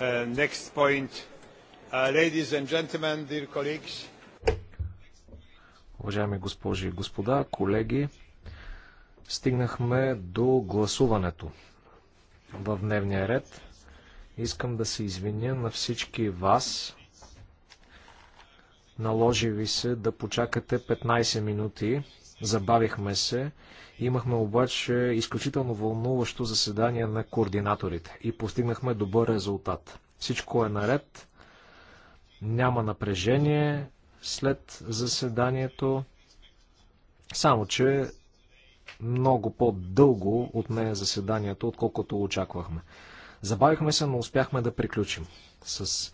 Uh, next point. Uh, ladies and gentlemen, dear colleagues. Уважаеми госпожи и господа, колеги, стигнахме до гласуването в дневния ред. Искам да се извиня на всички вас. Наложи ви се да почакате 15 минути Забавихме се. Имахме обаче изключително вълнуващо заседание на координаторите и постигнахме добър резултат. Всичко е наред. Няма напрежение след заседанието. Само, че много по-дълго от нея заседанието, отколкото очаквахме. Забавихме се, но успяхме да приключим с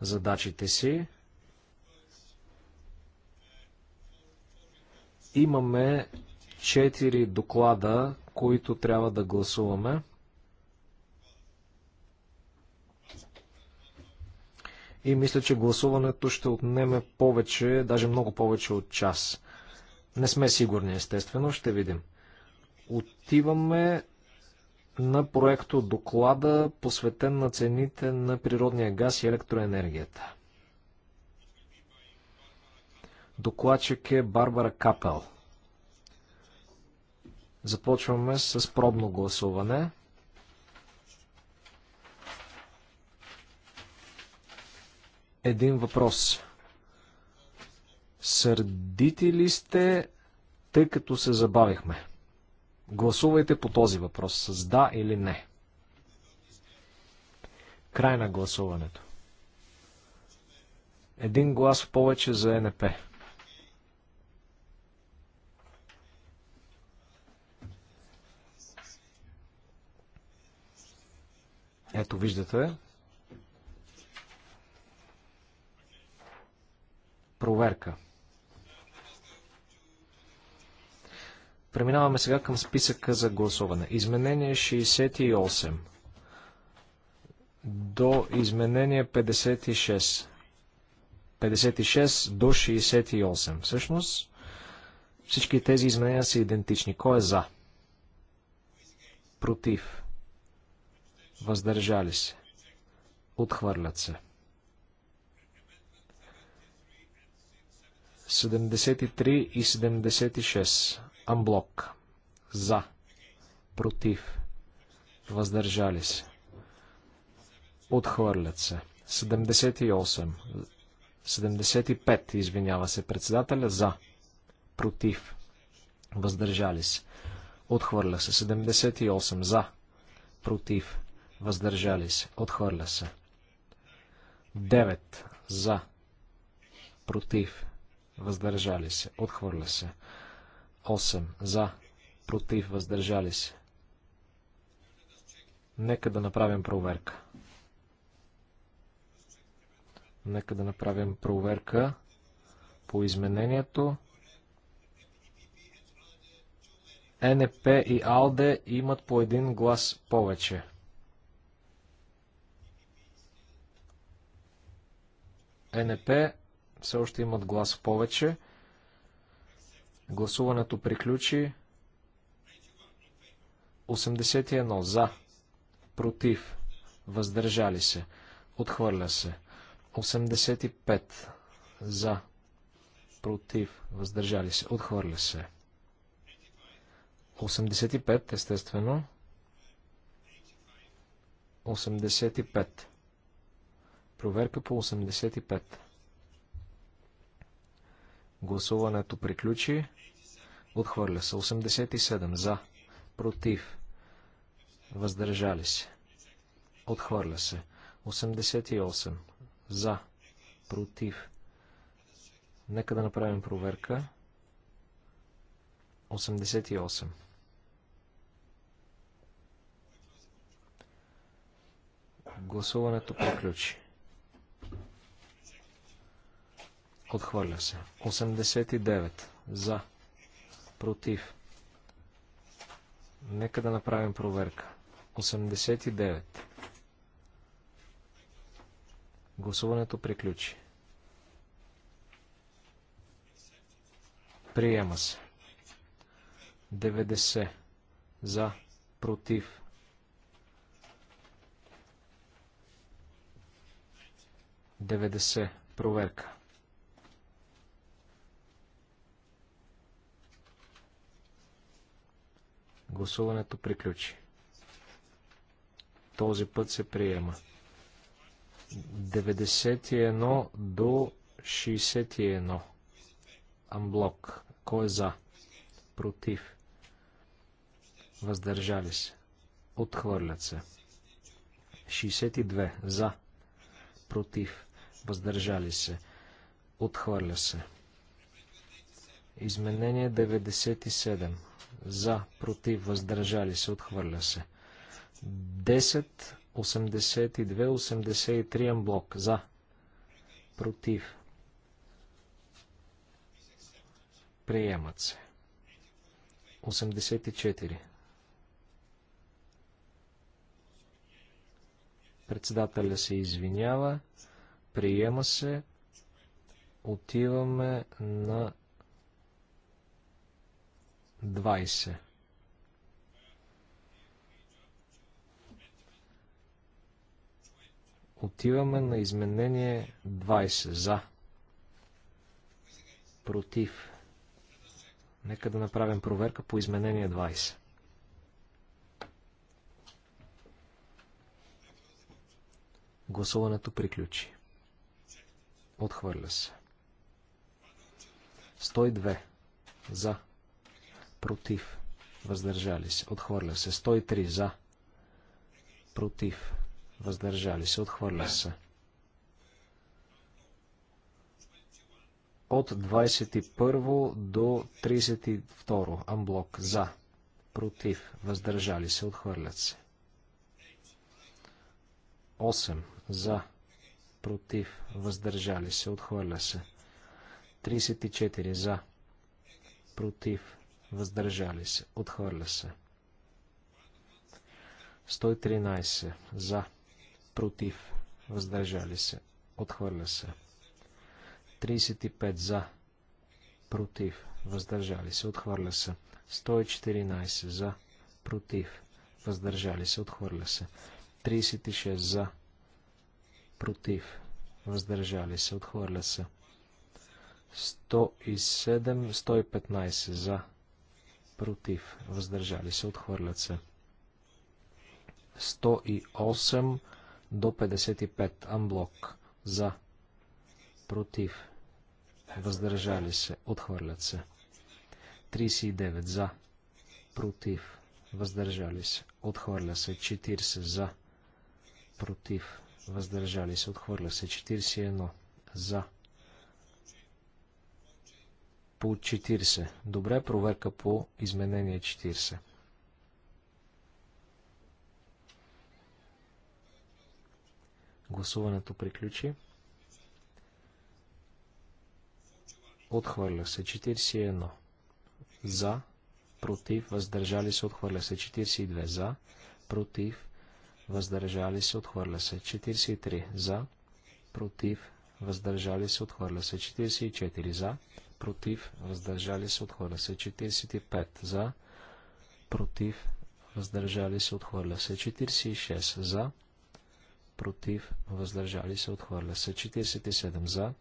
задачите си. Имаме четири доклада, които трябва да гласуваме. И мисля, че гласуването ще отнеме повече, даже много повече от час. Не сме сигурни, естествено, ще видим. Отиваме на проекто доклада, посветен на цените на природния газ и електроенергията. Докладчик е Барбара Капел. Започваме с пробно гласуване. Един въпрос. Сърдите ли сте, тъй като се забавихме? Гласувайте по този въпрос с да или не. Край на гласуването. Един глас повече за НП. Ето, виждате. Проверка. Преминаваме сега към списъка за гласуване. Изменение 68 до изменение 56. 56 до 68. Всъщност, всички тези изменения са идентични. Кой е за? Против въздържали се, отхвърлят се. 73 и 76. Амблок. За. Против. Въздържали се. Отхвърлят се. 78. 75. Извинява се председателя. За. Против. Въздържали се. Отхвърля се. 78. За. Против въздържали се, отхвърля се. 9 за, против, въздържали се, отхвърля се. 8 за, против, въздържали се. Нека да направим проверка. Нека да направим проверка по изменението. НП и АЛДЕ имат по един глас повече. НП все още имат глас повече. Гласуването приключи. 81 за, против, въздържали се, отхвърля се. 85 за, против, въздържали се, отхвърля се. 85, естествено. 85. Проверка по 85. Гласуването приключи. Отхвърля се. 87. За. Против. Въздържали се. Отхвърля се. 88. За. Против. Нека да направим проверка. 88. Гласуването приключи. Отхвърля се. 89. За. Против. Нека да направим проверка. 89. Гласуването приключи. Приема се. 90. За. Против. Деведесе. Проверка. Гласуването приключи. Този път се приема. 91 до 61. Амблок. Кой е за? Против. Въздържали се. Отхвърлят се. 62. За. Против. Въздържали се. Отхвърля се. Изменение 97 за, против, въздържали се, отхвърля се. 10, 82, 83 амблок, за, против, приемат се. 84. Председателя се извинява, приема се, отиваме на 20. Отиваме на изменение 20. За. Против. Нека да направим проверка по изменение 20. Гласуването приключи. Отхвърля се. 102. За против, въздържали се, отхвърля се. 103 за, против, въздържали се, отхвърля се. От 21 до 32 амблок за, против, въздържали се, отхвърлят се. 8 за, против, въздържали се, отхвърля се. 34 за, против, въздържали се, отхвърля се. 113 за, против, въздържали се, отхвърля се. 35 за, против, въздържали се, отхвърля се. 114 за, против, въздържали се, отхвърля се. 36 за, против, въздържали се, отхвърля се. 107, 115 за, против, въздържали се, отхвърлят се. 108 до 55 амблок за, против, въздържали се, отхвърлят се. 39 за, против, въздържали се, отхвърля се. 40 за, против, въздържали се, отхвърля се. 41 за, против, по 40. Добре, проверка по изменение 40. Гласуването приключи. Отхвърля се 41. За. Против. Въздържали се. Отхвърля се 42. За. Против. Въздържали се. Отхвърля се 43. За. Против. Въздържали се. Отхвърля се 44. За против, въздържали се, отхвърля се. 45 за, против, въздържали се, отхвърля се. 46 за, против, въздържали се, отхвърля се. 47 за,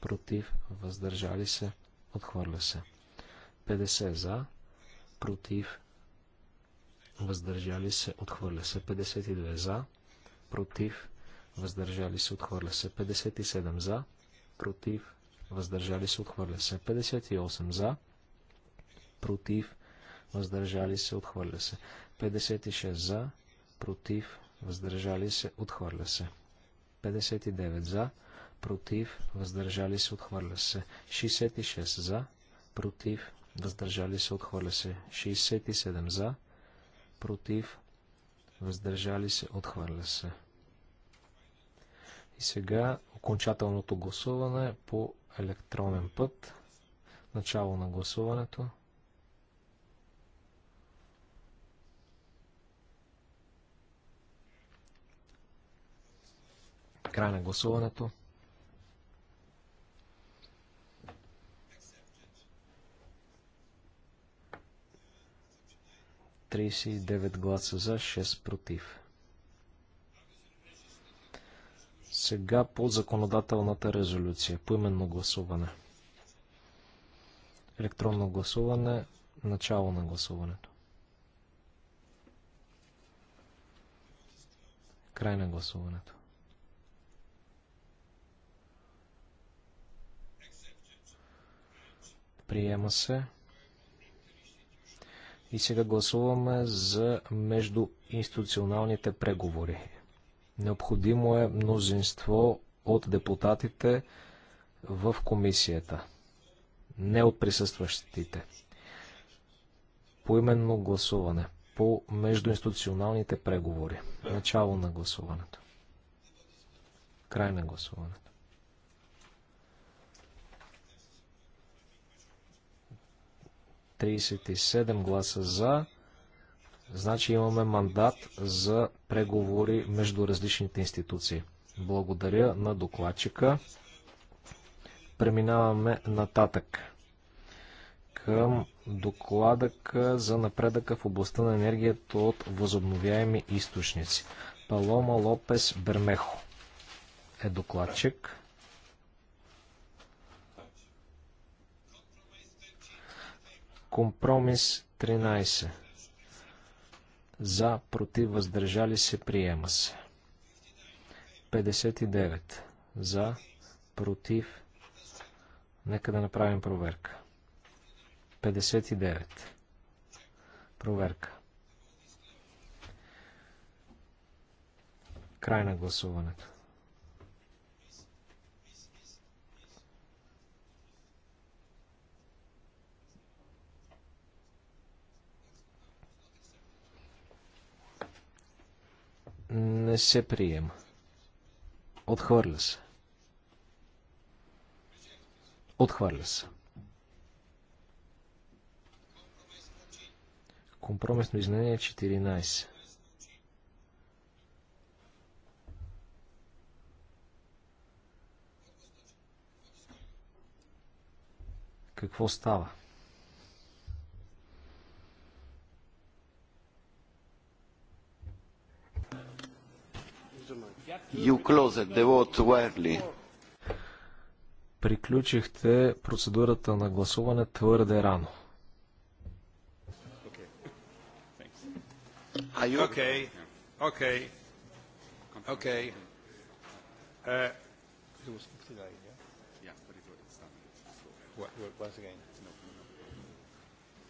против, въздържали се, отхвърля се. 50 за, против, въздържали се, отхвърля се. 52 за, против, въздържали се, отхвърля се. 57 за, против, въздържали се, отхвърля се. 58 за, против, въздържали се, отхвърля се. 56 за, против, въздържали се, отхвърля се. 59 за, против, въздържали се, отхвърля се. 66 за, против, въздържали се, отхвърля се. 67 за, против, въздържали се, отхвърля се. И сега окончателното гласуване по електронен път. Начало на гласуването. Край на гласуването. Тридесет и девет гласа за, шест против. Сега по законодателната резолюция, по именно гласуване. Електронно гласуване, начало на гласуването. Край на гласуването. Приема се. И сега гласуваме за междуинституционалните преговори. Необходимо е мнозинство от депутатите в комисията, не от присъстващите. Поименно гласуване по междуинституционалните преговори. Начало на гласуването. Край на гласуването. Тридесет гласа за, Значи имаме мандат за преговори между различните институции. Благодаря на докладчика. Преминаваме нататък към докладък за напредъка в областта на енергията от възобновяеми източници. Палома Лопес Бермехо е докладчик. Компромис 13 за, против, въздържали се, приема се. 59 за, против, нека да направим проверка. 59 проверка. Край на гласуването. не се приема. Отхвърля се. Отхвърля се. Компромисно изменение 14. Какво става? You closed the vote early. Приключихте процедурата на гласуване твърде рано. Okay. Okay. Okay. Uh, it was 59, yeah? Yeah, but it was done. Once again.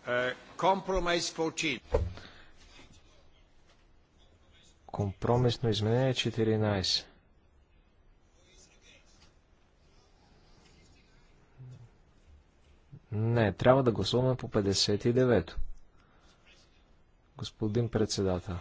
Uh, compromise 14. Компромисно изменение 14. Не, трябва да гласуваме по 59-то. Господин председател.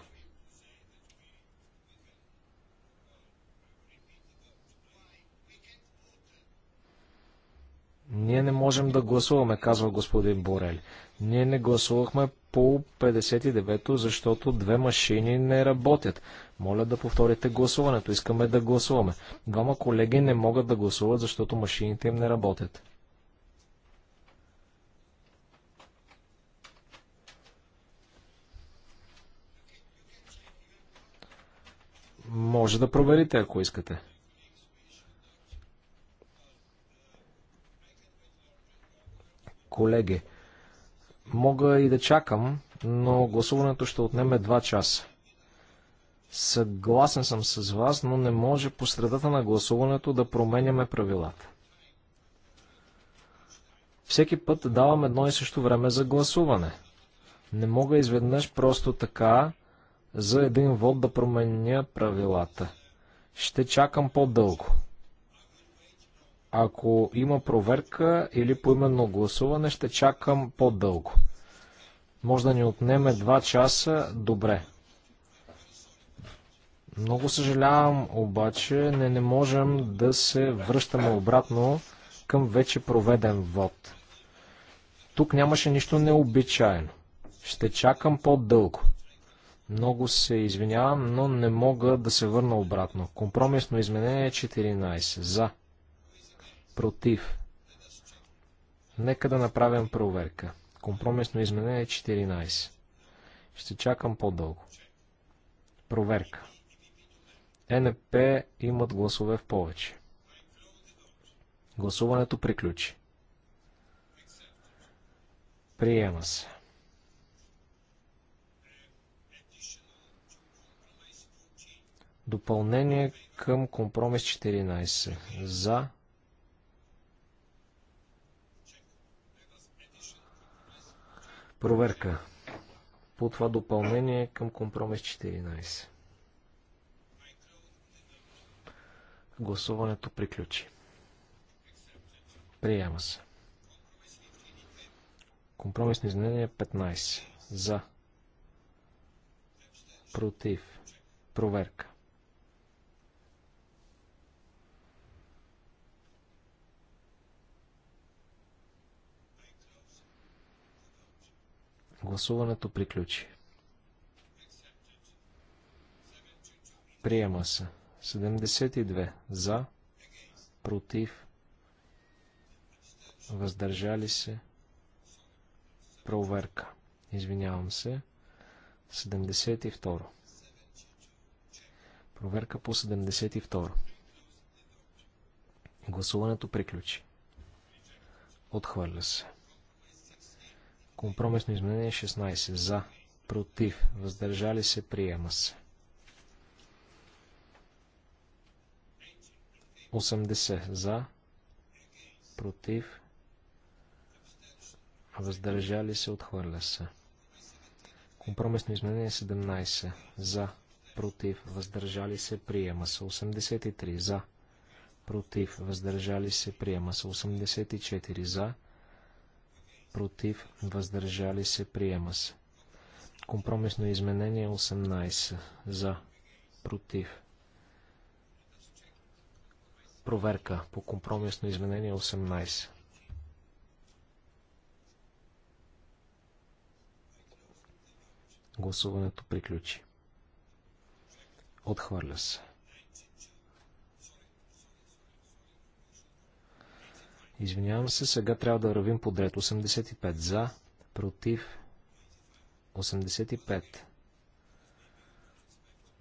Ние не можем да гласуваме, казва господин Борель. Ние не гласувахме по 59-то, защото две машини не работят. Моля да повторите гласуването. Искаме да гласуваме. Двама колеги не могат да гласуват, защото машините им не работят. Може да проверите, ако искате. Колеги, Мога и да чакам, но гласуването ще отнеме 2 часа. Съгласен съм с вас, но не може по средата на гласуването да променяме правилата. Всеки път давам едно и също време за гласуване. Не мога изведнъж просто така за един вод да променя правилата. Ще чакам по-дълго. Ако има проверка или поименно гласуване, ще чакам по-дълго. Може да ни отнеме 2 часа, добре. Много съжалявам, обаче не, не можем да се връщаме обратно към вече проведен вод. Тук нямаше нищо необичайно. Ще чакам по-дълго. Много се извинявам, но не мога да се върна обратно. Компромисно изменение 14. За против. Нека да направим проверка. Компромисно изменение 14. Ще чакам по-дълго. Проверка. НП имат гласове в повече. Гласуването приключи. Приема се. Допълнение към компромис 14. За, Проверка по това допълнение към компромис 14. Гласуването приключи. Приема се. Компромисни изменения 15. За. Против. Проверка. Гласуването приключи. Приема се. 72 за, против, въздържали се, проверка. Извинявам се. 72. Проверка по 72. Гласуването приключи. Отхвърля се. Компромисно изменение 16. За. Против. Въздържали се. Приема се. 80. За. Против. Въздържали се. Отхвърля се. Компромисно изменение 17. За. Против. Въздържали се. Приема се. 83. За. Против. Въздържали се. Приема се. 84. За против, въздържали се, приема се. Компромисно изменение 18. За, против. Проверка по компромисно изменение 18. Гласуването приключи. Отхвърля се. Извинявам се, сега трябва да вървим подред. 85 за, против 85.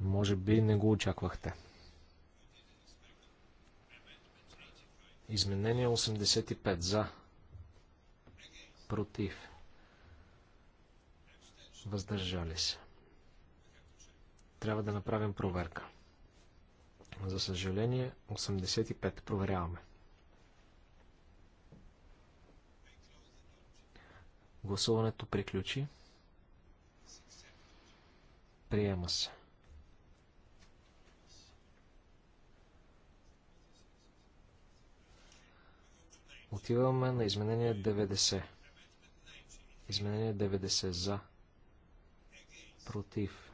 Може би не го очаквахте. Изменение 85 за. Против. Въздържали се. Трябва да направим проверка. За съжаление, 85. Проверяваме. Гласуването приключи. Приема се. Отиваме на изменение 90. Изменение 90 за. Против.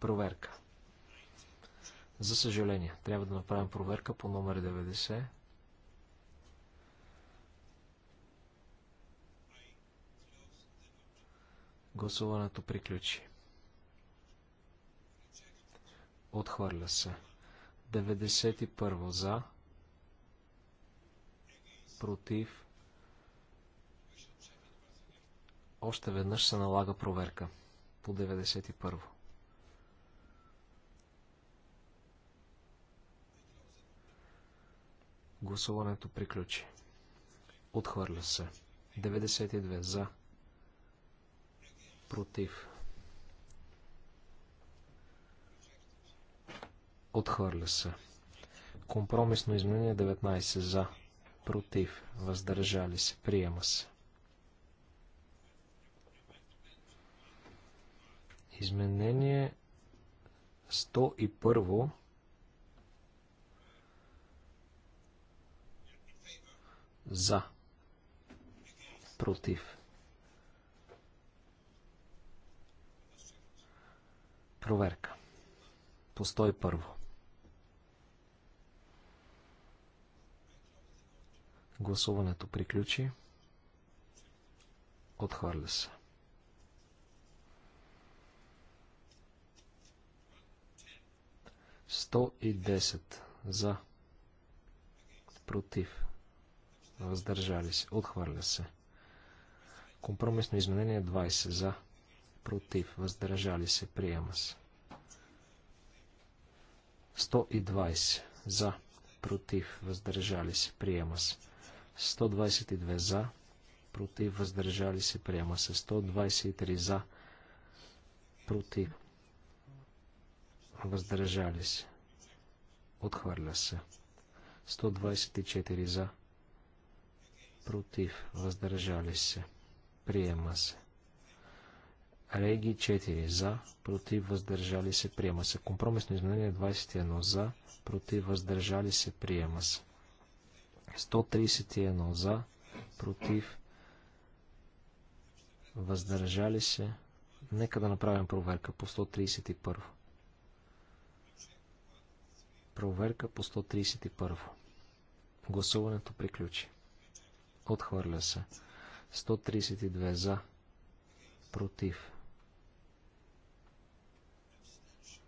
Проверка. За съжаление, трябва да направим проверка по номер 90. Гласуването приключи. Отхвърля се. 91 за. Против. Още веднъж се налага проверка. По 91. Гласуването приключи. Отхвърля се. 92 за против. Отхвърля се. Компромисно изменение 19 за, против, въздържали се, приема се. Изменение 101 за, против Проверка. По първо. Гласуването приключи. Отхвърля се. Сто и десет за. Против. Въздържали се. Отхвърля се. Компромисно изменение 20 за против, въздържали се, приема се. 120 за, против, въздържали се, приема се. 122 за, против, въздържали се, приема се. 123 за, против, въздържали се, отхвърля се. 124 за, против, въздържали се, приема се. Реги 4 за, против въздържали се, приема се. Компромисно изменение 21 за, против въздържали се, приема се. 131 за, против въздържали се. Нека да направим проверка по 131. Проверка по 131. Гласуването приключи. Отхвърля се. 132 за. Против.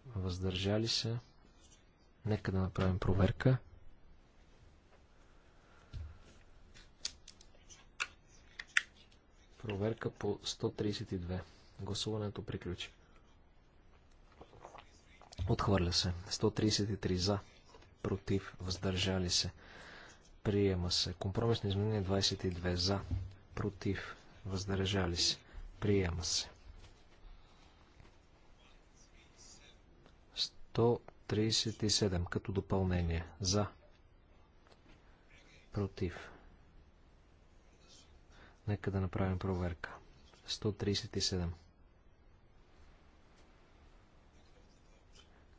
въздържали се. Нека да направим проверка. Проверка по 132. Гласуването приключи. Отхвърля се. 133 за. Против. Въздържали се. Приема се. Компромисно изменение 22 за. Против. Въздържали се. Приема се. 137 като допълнение. За. Против. Нека да направим проверка. 137.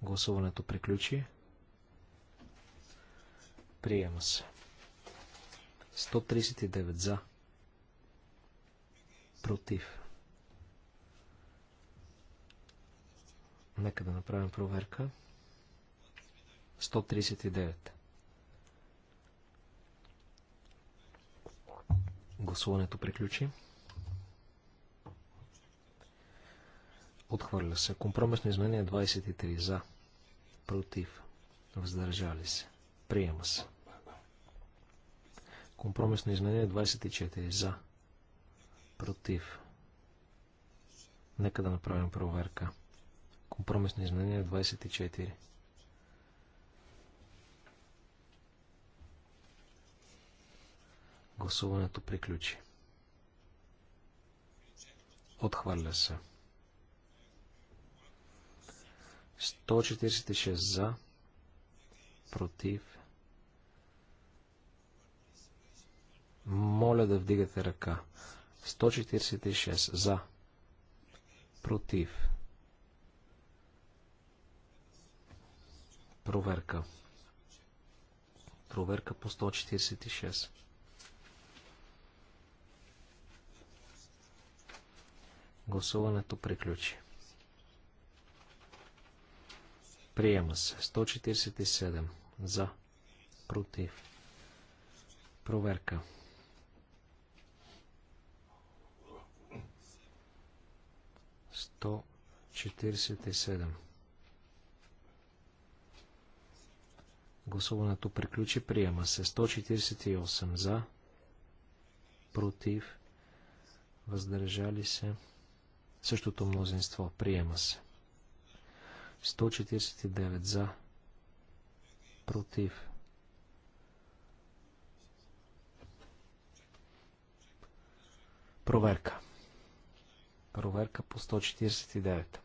Гласуването приключи. Приема се. 139 за. Против. Нека да направим проверка. 139. Гласуването приключи. Отхвърля се. Компромисно изменение 23. За. Против. Въздържали се. Приема се. Компромисно изменение 24. За. Против. Нека да направим проверка. 139. Компромисно изменение 24. Гласуването приключи. Отхвърля се. 146 за, против. Моля да вдигате ръка. 146 за, против. Проверка. Проверка по 146. Гласуването приключи. Приема се. 147. За. Против. Проверка. Сто четиридесет и Гласуването приключи. Приема се 148 за, против, въздържали се. Същото мнозинство. Приема се. 149 за, против. Проверка. Проверка по 149.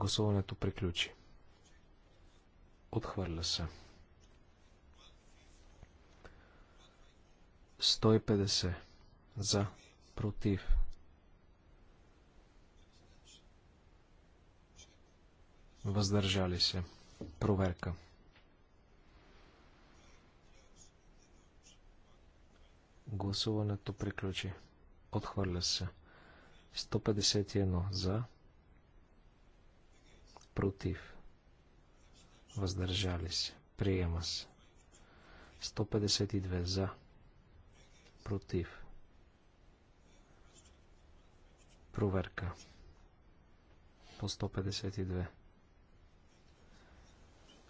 Гласуването приключи. Отхвърля се. 150. За. Против. Въздържали се. Проверка. Гласуването приключи. Отхвърля се. 151 за, против, въздържали се, приема се. 152 за, против, проверка по 152.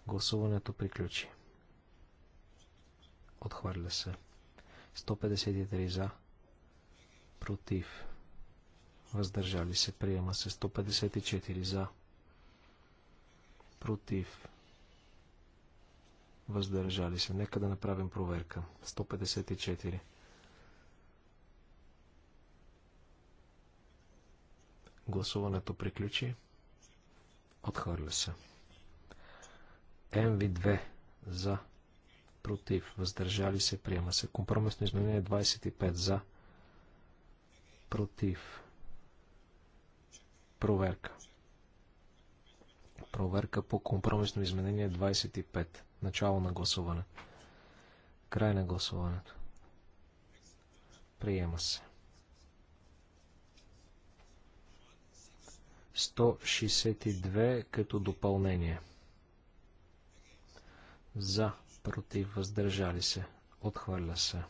Гласуването приключи. Отхвърля се. 153 за, против, въздържали се, приема се. 154 за, против, въздържали се. Нека да направим проверка. 154. Гласуването приключи. Отхвърля се. МВ2 за. Против. Въздържали се. Приема се. Компромисно изменение 25 за. Против. Проверка. Проверка по компромисно изменение 25. Начало на гласуване. Край на гласуването. Приема се. 162 като допълнение. За, против, въздържали се. Отхвърля се.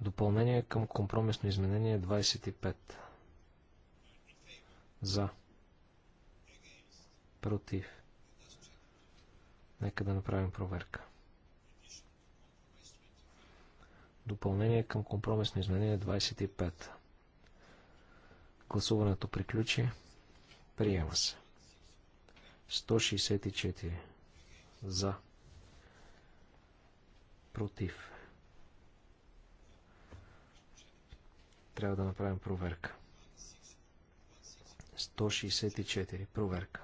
Допълнение към компромисно изменение 25. За. Против. Нека да направим проверка. Допълнение към компромисно изменение 25. Гласуването приключи. Приема се. 164. За. Против. Трябва да направим проверка. 164. Проверка.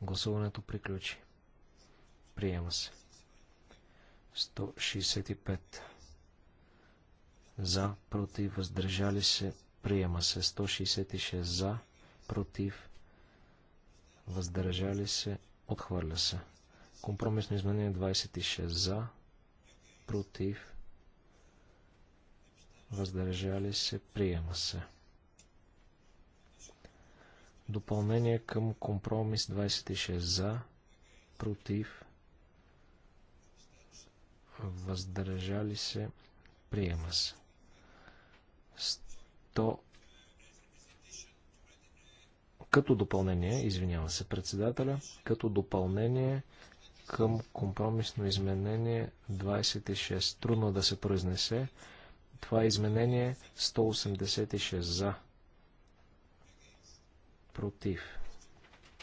Гласуването приключи. Приема се. 165. За, против, въздържали се. Приема се. 166. За, против, въздържали се. Отхвърля се. Компромисно изменение 26. За, против, въздържали се, приема се. Допълнение към компромис 26 за, против, въздържали се, приема се. 100 като допълнение, извинява се председателя, като допълнение към компромисно изменение 26. Трудно е да се произнесе. Това е изменение 186 за. Против.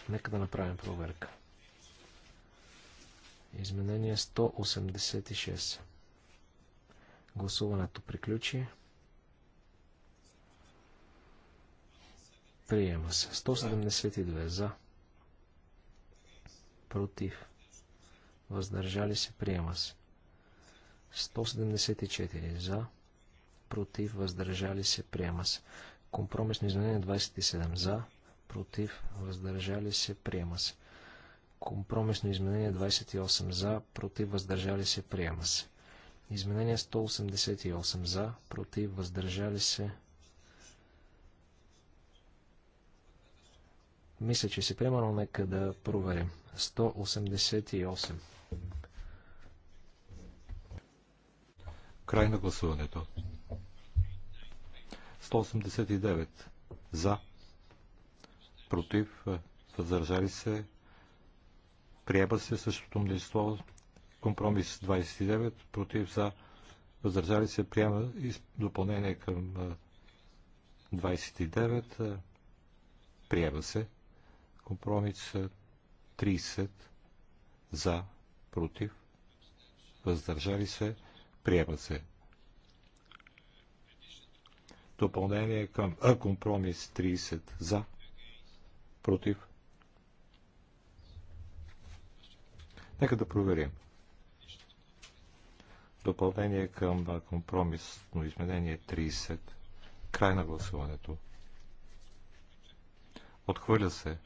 Нека да направим проверка. Изменение 186. Гласуването приключи. Приема се. 172 за. Против. Въздържали се. Приема се. 174 за против, въздържали се, приема се. Компромисно изменение 27 за, против, въздържали се, приема се. Компромисно изменение 28 за, против, въздържали се, приема се. Изменение 188 за, против, въздържали се. Мисля, че се приема, но нека да проверим. 188. Край на гласуването. 189 за, против, въздържали се, приема се същото мнозинство, компромис 29, против, за, въздържали се, приема и допълнение към 29, приема се, компромис 30 за, против, въздържали се, приема се допълнение към А компромис 30 за, против. Нека да проверим. Допълнение към компромисно изменение 30. Край на гласуването. Отхвърля се.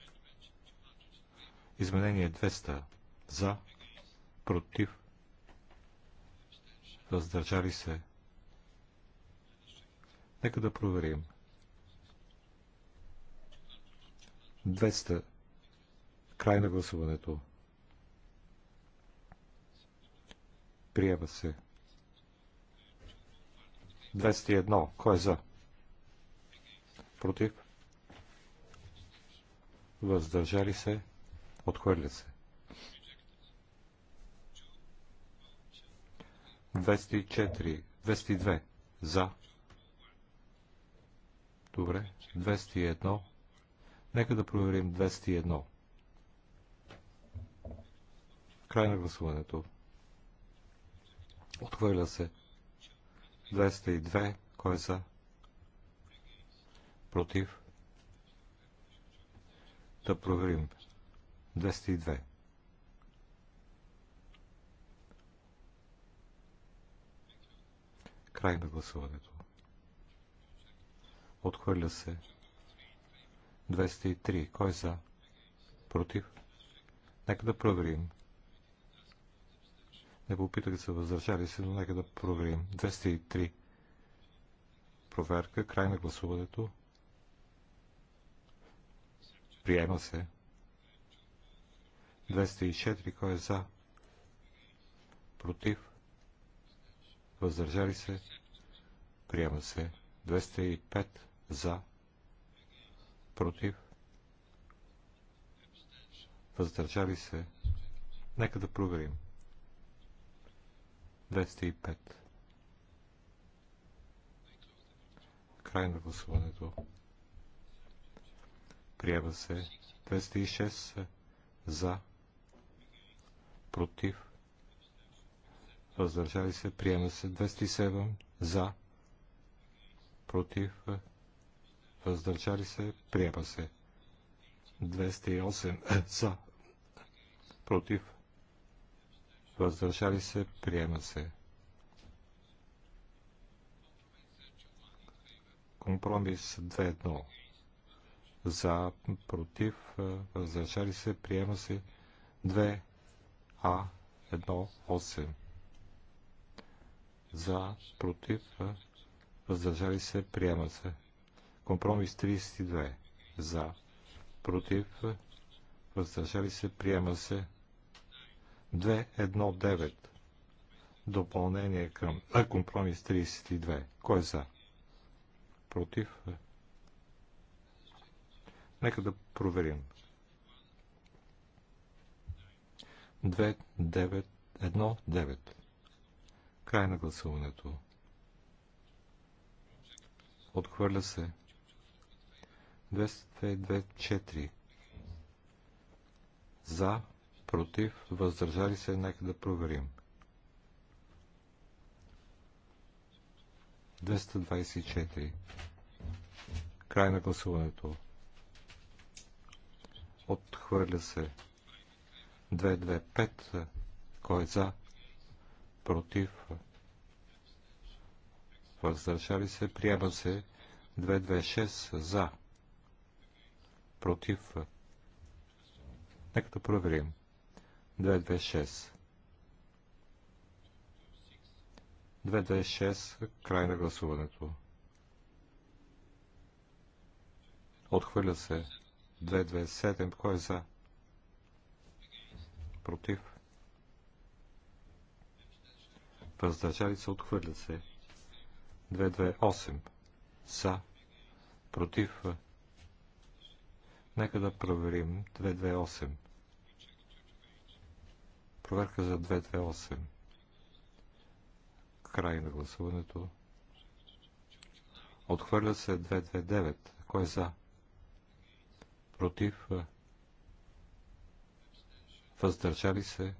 Изменение 200. За. Против. Въздържали се. Нека да проверим. 200. Край на гласуването. Приема се. 201. Кой е за? Против? Въздържали се? Отхвърля се. 204. 202. За. Добре, 201. Нека да проверим 201. Край на гласуването. Отхвърля се. 202. Кой е за? Против. Да проверим. 202. Край на гласуването. Отхвърля се. 203. Кой е за? Против? Нека да проверим. Не попитах се въздържали се, но нека да проверим. 203. Проверка. Край на гласуването. Приема се. 204. Кой е за? Против? Въздържали се? Приема се. 205 за, против, въздържали се. Нека да проверим. 205. Край на гласуването. Приема се 206 за, против, въздържали се. Приема се 207 за, против, въздържали се, приема се. 208 е, за, против, въздържали се, приема се. Компромис 2-1. За, против, въздържали се, приема се 2А1-8. За, против, въздържали се, приема се. Компромис 32 за, против, въздържали се, приема се 219. Допълнение към а, компромис 32. Кой е за? Против? Нека да проверим. 2-9-1-9. Край на гласуването. Отхвърля се 224. За, против, въздържали се, нека да проверим. 224. Край на гласуването. Отхвърля се. 225. Кой е за? Против. Въздържали се. Приема се. 226. За против. Нека да проверим. 226. 226, край на гласуването. Отхвърля се. 227, кой е за? Против. Въздържали се, отхвърля се. 228, за, против, Нека да проверим 228. Проверка за 228. Край на гласуването. Отхвърля се 229. Кой е за? Против? Въздържали се?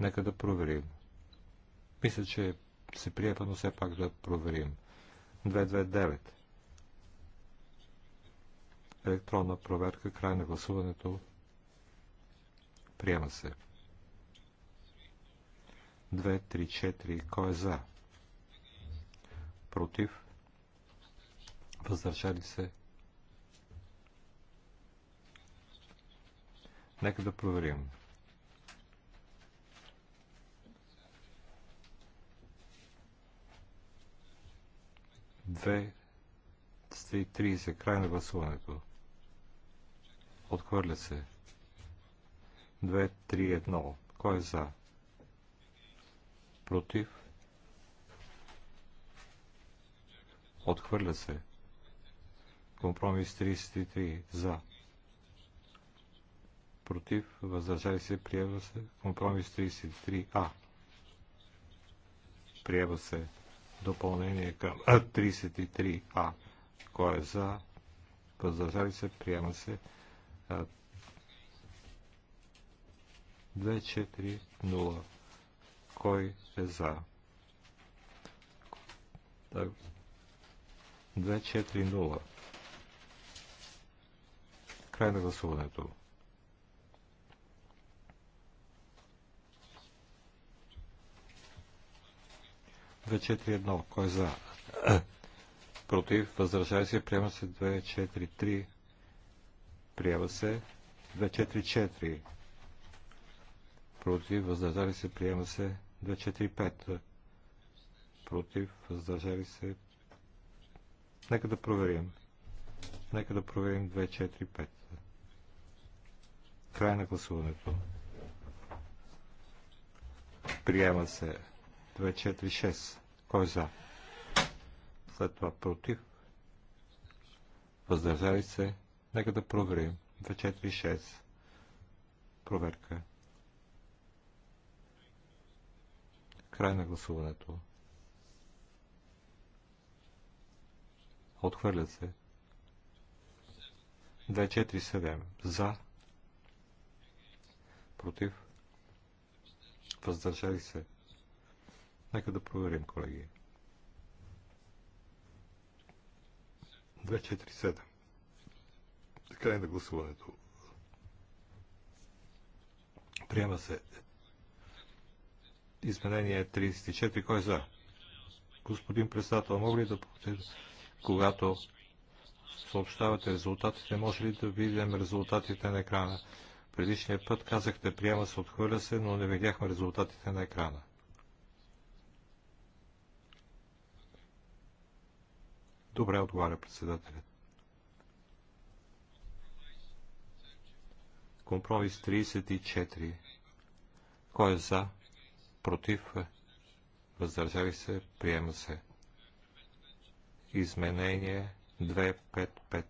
Нека да проверим. Мисля, че се приема, но все пак да проверим. 229 електронна проверка, край на гласуването. Приема се. 2, 3, 4. Кой е за? Против? Въздържали се? Нека да проверим. Две, 30, край на гласуването. Отхвърля се. 2-3-1. Кой е за? Против? Отхвърля се. Компромис 33. За. Против? Въздържай се. Приема се. Компромис 33А. Приема се. Допълнение към 33А. Кой е за? Въздържали се. Приема се. 2-4-0. Кой е за? 2-4-0. Край на гласуването. Две, четири, едно. Кой е за? Против, възражай се, приема се две, четири, три приема се 244 против, въздържали се, приема се 245 против, въздържали се. Нека да проверим. Нека да проверим 245. Край на гласуването. Приема се 246. Кой е за? След това против. Въздържали се. Нека да проверим. 246. Проверка. Край на гласуването. Отхвърля се. 247. За. Против. Въздържали се. Нека да проверим, колеги. 247. Край на гласуването. Приема се. Изменение 34. Кой е за? Господин председател, мога ли да попитам, когато съобщавате резултатите, може ли да видим резултатите на екрана? Предишния път казахте, приема се, отхвърля се, но не видяхме резултатите на екрана. Добре, отговаря председателят. Компромис 34. Кой е за? Против? Въздържали се? Приема се. Изменение 255.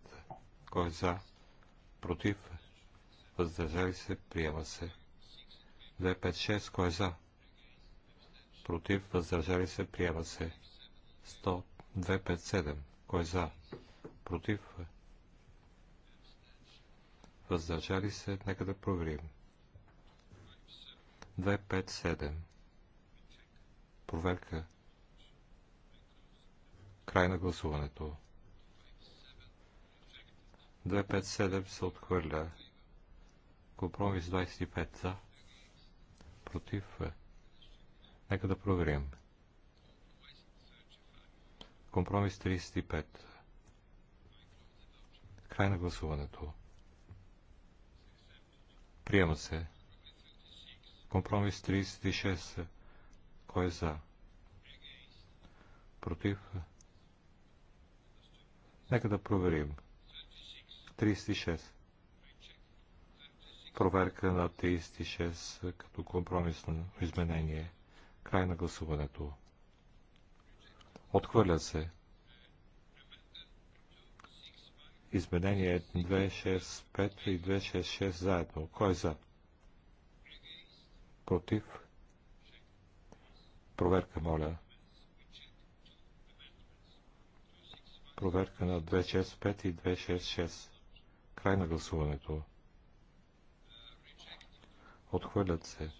Кой е за? Против? Въздържали се? Приема се. 256. Кой е за? Против? Въздържали се? Приема се. 100. 257. Кой е за? Против? въздържали се, нека да проверим. 257. Проверка. Край на гласуването. 257 се отхвърля. Компромис 25 за. Против. Нека да проверим. Компромис 35. Край на гласуването. 257. Приема се. Компромис 36. Кой е за? Против? Нека да проверим. 36. Проверка на 36 като компромисно изменение. Край на гласуването. Отхвърля се. изменение 265 и 266 заедно. Кой е за? Против? Проверка, моля. Проверка на 265 и 266. Край на гласуването. Отхвърлят се.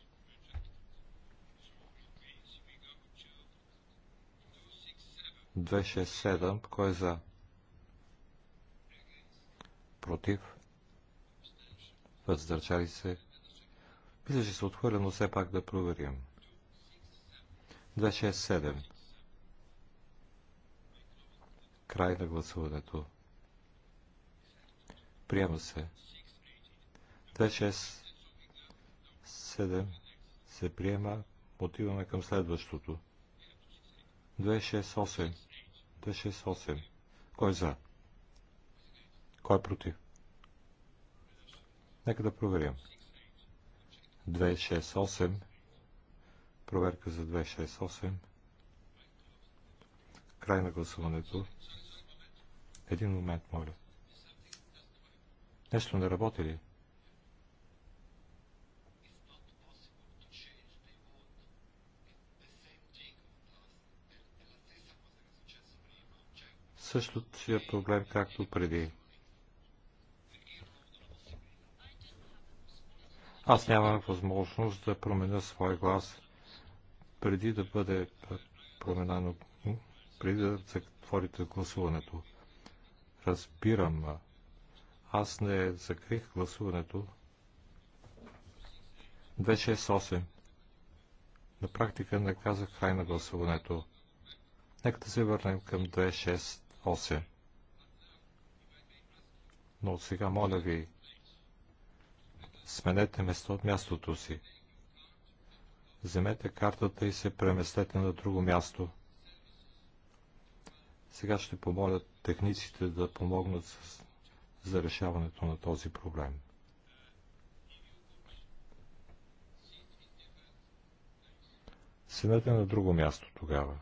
Две, шест, седем. Кой е за? против, въздържали се. Мисля, че се отхвърля, но все пак да проверим. 267. Край на гласуването. Приема се. 267 се приема. Отиваме към следващото. 268. 268. Кой е за? Кой е против? Нека да проверим. 268. Проверка за 268. Край на гласуването. Един момент, моля. Нещо не работи ли? Същото си е проблем, както преди. Аз нямам възможност да променя своя глас преди да бъде променено, преди да затворите гласуването. Разбирам. Аз не закрих гласуването. 268. На практика не казах край на гласуването. Нека да се върнем към 268. Но сега моля ви, Сменете место от мястото си. Вземете картата и се преместете на друго място. Сега ще помоля техниците да помогнат с... за решаването на този проблем. Седнете на друго място тогава.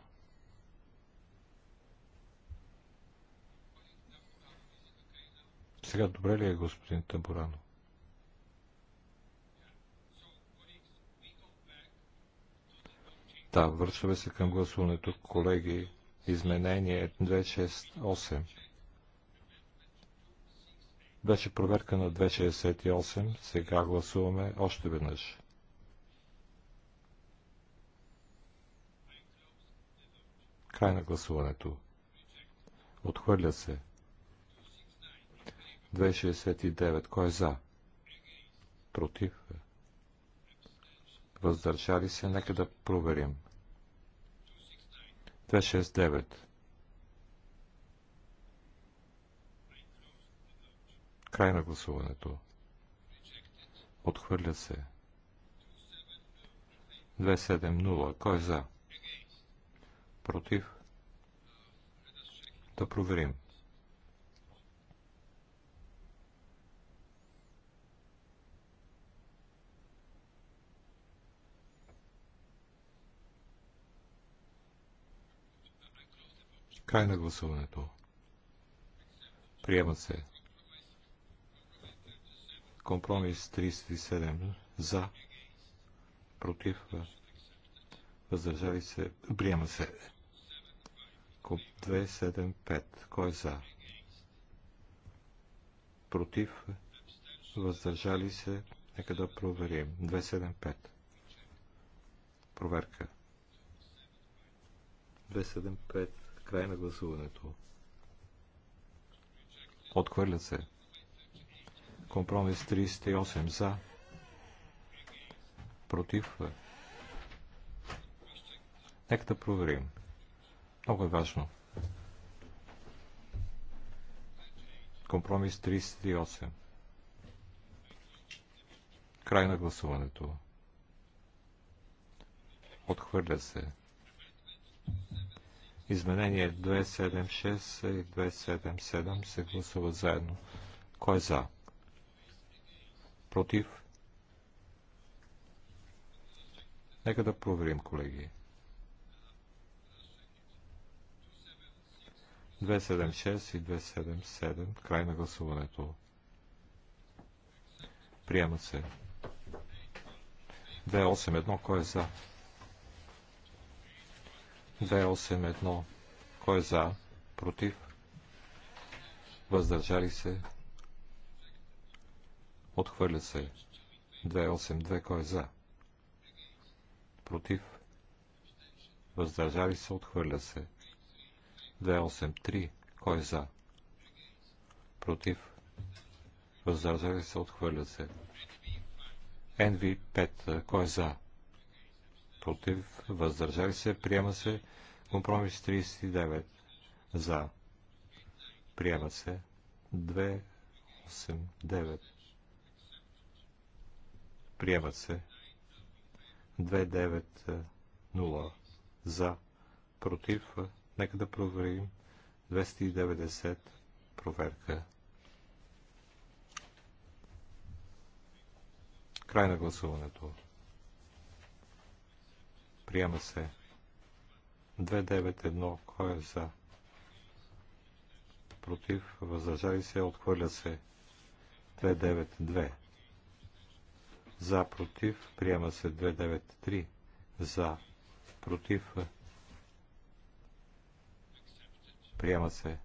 Сега добре ли е господин Табурано? Да, връщаме се към гласуването, колеги. Изменение 268. Беше проверка на 268. Сега гласуваме още веднъж. Край на гласуването. Отхвърля се. 269. Кой е за? Против въздържали се, нека да проверим. 269. Край на гласуването. Отхвърля се. 270. Кой е за? Против? Да проверим. Край на гласуването. Приема се. Компромис 37 за, против, въздържали се, приема се. 275. Кой е за? Против, въздържали се, нека да проверим. 275. Проверка. 275. Край на гласуването. Отхвърля се. Компромис 308 за. Против. Нека да проверим. Много е важно. Компромис 38. Край на гласуването. Отхвърля се. Изменение 276 и 277 се гласуват заедно. Кой е за? Против? Нека да проверим, колеги. 276 и 277. Край на гласуването. Приема се. 281. Кой е за? 281. Кой е за? Против? Въздържали се? Отхвърля се. 282. Кой е за? Против? Въздържали се? Отхвърля се. 283. Кой е за? Против? Въздържали се? Отхвърля се. NV5. Кой е за? против, въздържали се, приема се. Компромис 39 за, приема се. 2, 8, 9. Приемат се. 290 за, против. Нека да проверим. 290 проверка. Край на гласуването. Приема се. 291. Кой е за? Против. Въздържали се. Отхвърля се. 292. За. Против. Приема се. 293. За. Против. Приема се.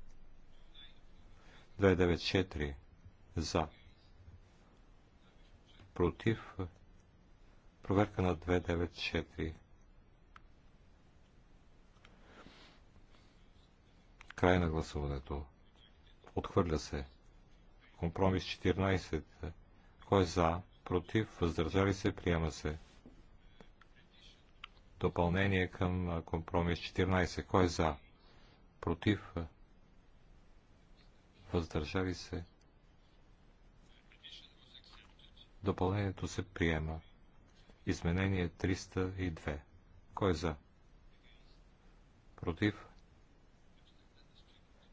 294. За. Против. Проверка на 294. Край на гласуването. Отхвърля се. Компромис 14. Кой е за? Против? Въздържали се? Приема се. Допълнение към компромис 14. Кой е за? Против? Въздържали се? Допълнението се приема. Изменение 302. Кой е за? Против?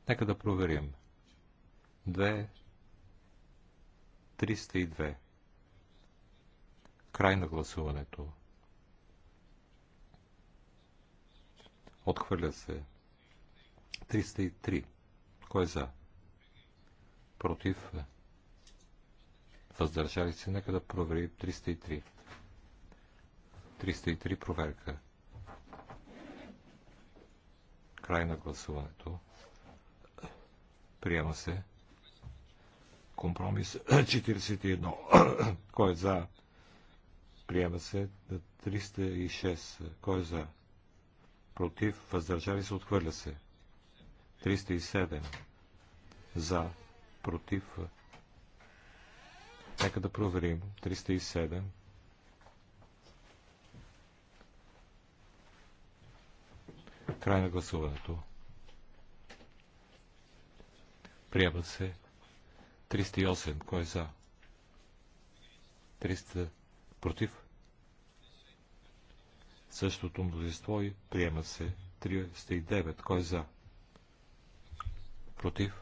Нека да проверим. 2, 302. Край на гласуването. Отхвърля се. 303. Кой е за? Против? Въздържали се? Нека да проверим 303. 303 проверка. Край на гласуването. Приема се. Компромис 41. Кой е за? Приема се. 306. Кой е за? Против. Въздържали се. Отхвърля се. 307. За. Против. Нека да проверим. 307. Край на гласуването. Приема се. 308. Кой е за? 300. Против? Същото множество и приема се. 309. Кой е за? Против?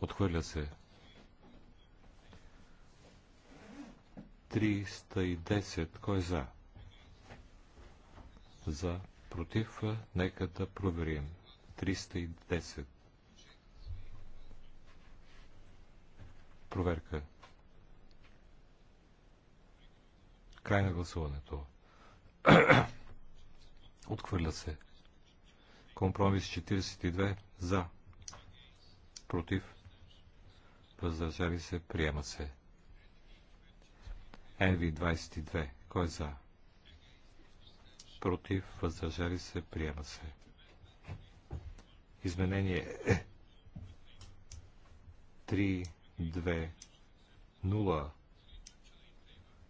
Отхвърля се. 310. Кой е за? За. Против. Нека да проверим. 310 310. Проверка. Край на гласуването. Отхвърля се. Компромис 42. За. Против. Въздържали се. Приема се. NV 22. Кой е за? Против. Въздържали се. Приема се. Изменение е 320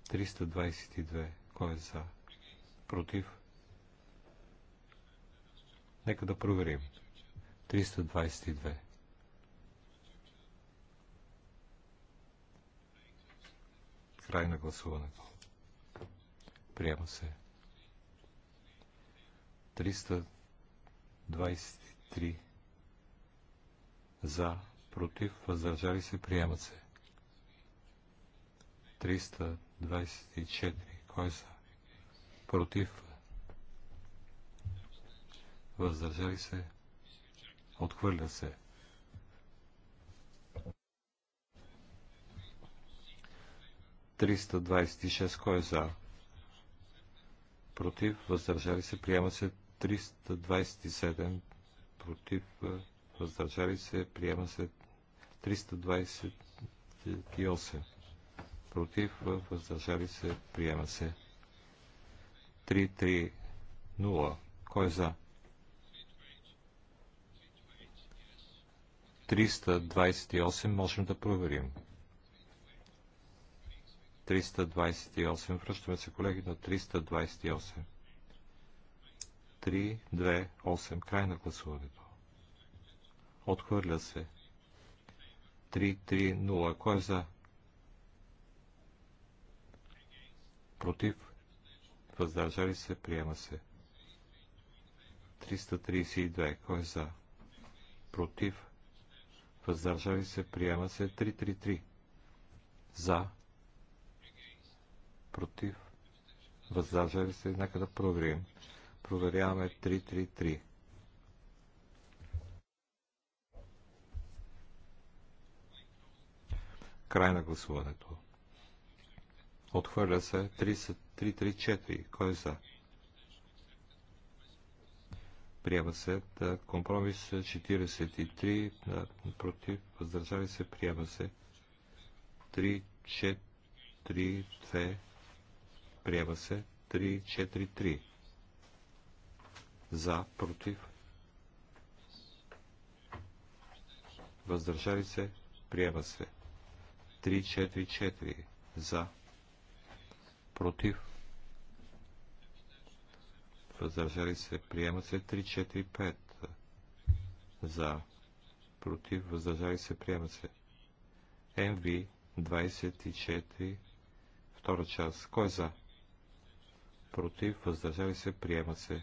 322. Кой е за? Против? Нека да проверим. 322. Край на гласуването. Приема се. 323 за, против, въздържали се, приемат се. 324. Кой е за? Против. Въздържали се. Отхвърля се. 326. Кой е за? Против. Въздържали се. Приема се. 327. Против въздържали се, приема се 328, против, въздържали се, приема се 330, кой е за? 328 можем да проверим. 328. Връщаме се, колеги, на 328. 3, 2, 8. Край на гласуването. Отхвърля се. 3-3-0. Кой е за? Против. Въздържали се. Приема се. 332. Кой е за? Против. Въздържали се. Приема се. 333. За. Против. Въздържали се. Нека да проверим. Проверяваме 333. Край на гласуването. Отхвърля се 3334. Кой е за? Приема се да, компромис 43 да, против, въздържали се, приема се 3, 4, 2, приема се 3, 4, 3. За, против, въздържали се, приема се 344 за, против, въздържали се, приема се 345 за, против, въздържали се, приема се. МВ 24, втора част. Кой е за? Против, въздържали се, приема се.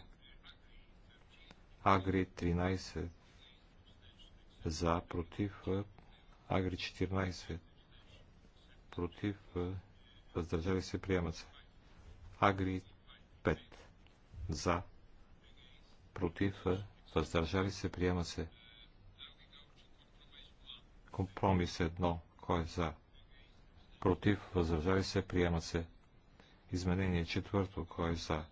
Агри 13, за, против, Агри 14, против, е, въздържали се, приема се. Агри 5 за, против, е, въздържали се, приема се. Компромис 1, кой е за, против, въздържали се, приема се. Изменение 4, кой е за,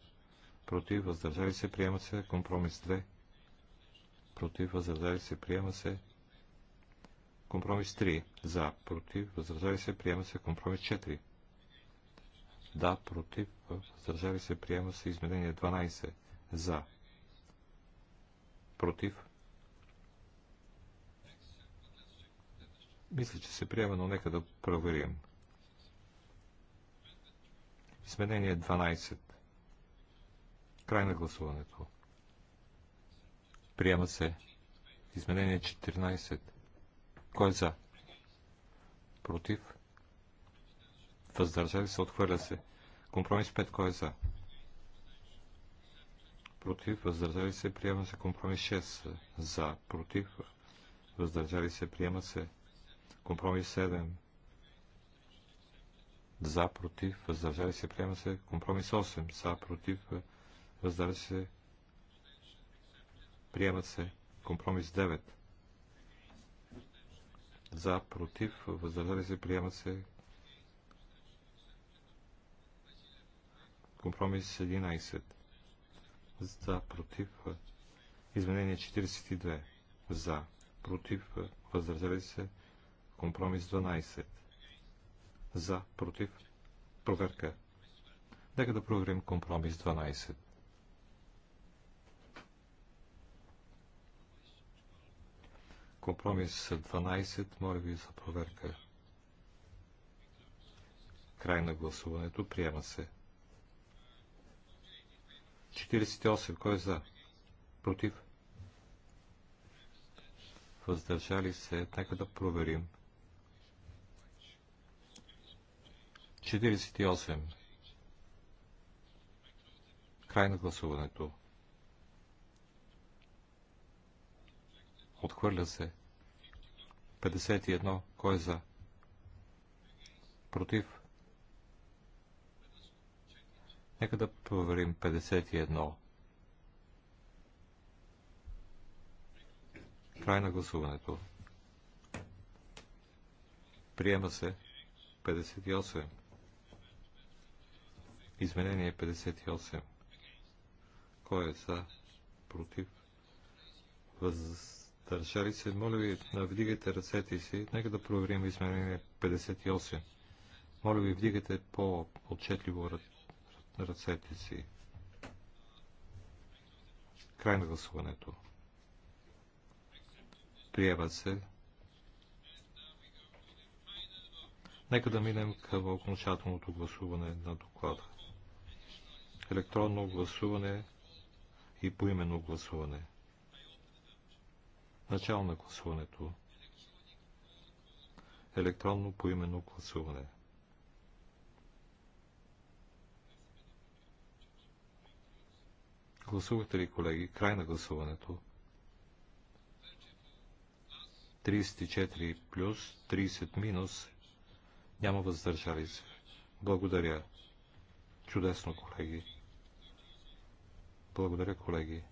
против, въздържали се, приема се. Компромис 2, против, въздържали се, приема се. Компромис 3. За. Против. Въздържали се. Приема се. Компромис 4. Да. Против. Въздържали се. Приема се. Изменение 12. За. Против. Мисля, че се приема, но нека да проверим. Изменение 12. Край на гласуването. Приема се. Изменение 14. Кой е за? Против? Въздържали се, отхвърля се. Компромис 5. Кой е за? Против, въздържали се, приема се. Компромис 6. За, против, въздържали се, приема се. Компромис 7. За, против, въздържали се, приема се. Компромис 8. За, против, въздържали се, приема се. Компромис 9 за, против, въздържали се, приема се. Компромис 11. За, против. Изменение 42. За, против, въздържали се. Компромис 12. За, против. Проверка. Нека да проверим компромис 12. Компромис 12. Моля ви за проверка. Край на гласуването. Приема се. 48. Кой е за? Против? Въздържали се. Нека да проверим. 48. Край на гласуването. Отхвърля се. 51. Кой е за? Против? Нека да проверим 51. Край на гласуването. Приема се 58. Изменение 58. Кой е за? Против? Въз Държали се, моля ви, вдигайте ръцете си. Нека да проверим изменение 58. Моля ви, вдигайте по-отчетливо ръцете си. Край на гласуването. Приема се. Нека да минем към окончателното гласуване на доклада. Електронно гласуване и поименно гласуване. Начало на гласуването. Електронно поименно гласуване. Гласувате ли, колеги? Край на гласуването. 34 плюс, 30 минус. Няма въздържали се. Благодаря. Чудесно, колеги. Благодаря, колеги.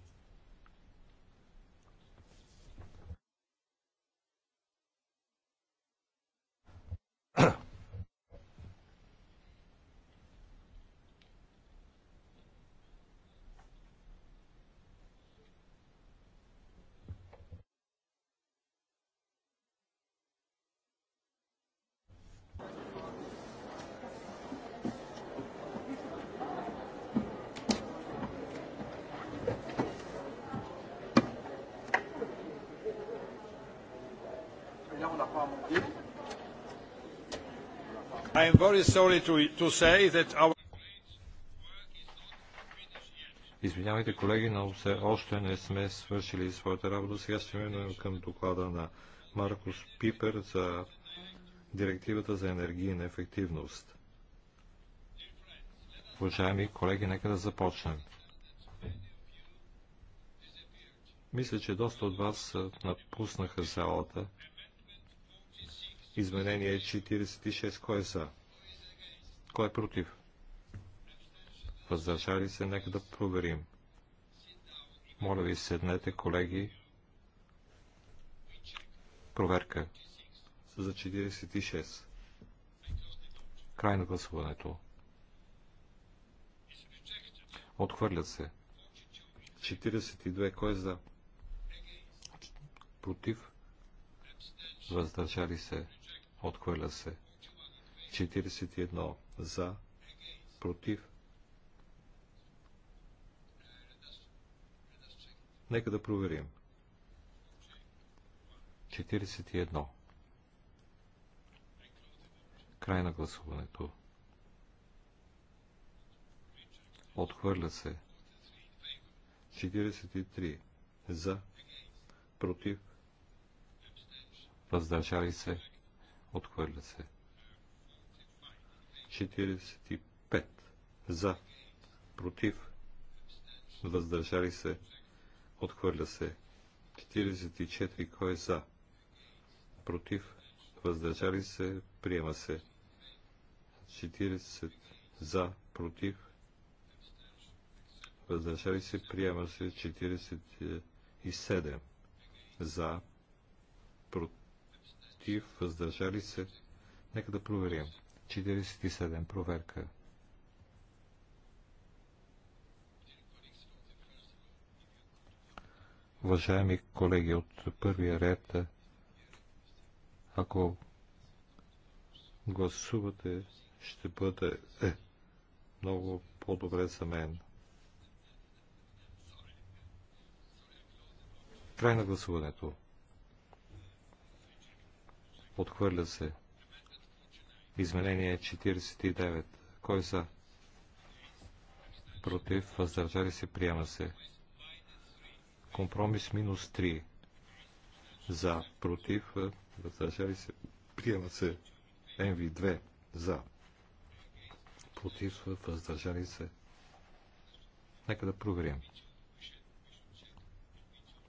am very sorry to, to say that our... Извинявайте, колеги, но все още не сме свършили своята работа. Сега ще минем към доклада на Маркус Пипер за директивата за енергийна ефективност. Уважаеми колеги, нека да започнем. Мисля, че доста от вас напуснаха залата. Изменение 46. Кой е за? Кой е против? Въздържали се, нека да проверим. Моля ви, седнете, колеги. Проверка за 46. Край на гласуването. Отхвърлят се. 42. Кой е за? Против? Въздържали се. Отхвърля се. 41 за, против. Нека да проверим. 41. Край на гласуването. Отхвърля се. 43. За. Против. Въздържали се. Отхвърля се. 45 за. Против. Въздържали се. Отхвърля се. 44. Кой е за? Против. Въздържали се. Приема се. 40 за. Против. Въздържали се. Приема се. 47 за. Против против, въздържали се. Нека да проверим. 47. Проверка. Уважаеми колеги от първия ред, ако гласувате, ще бъде е, много по-добре за мен. Край на гласуването. Отхвърля се. Изменение 49. Кой е за? Против. Въздържали се. Приема се. Компромис минус 3. За. Против. Въздържали се. Приема се. МВ2. За. Против. Въздържали се. Нека да проверим.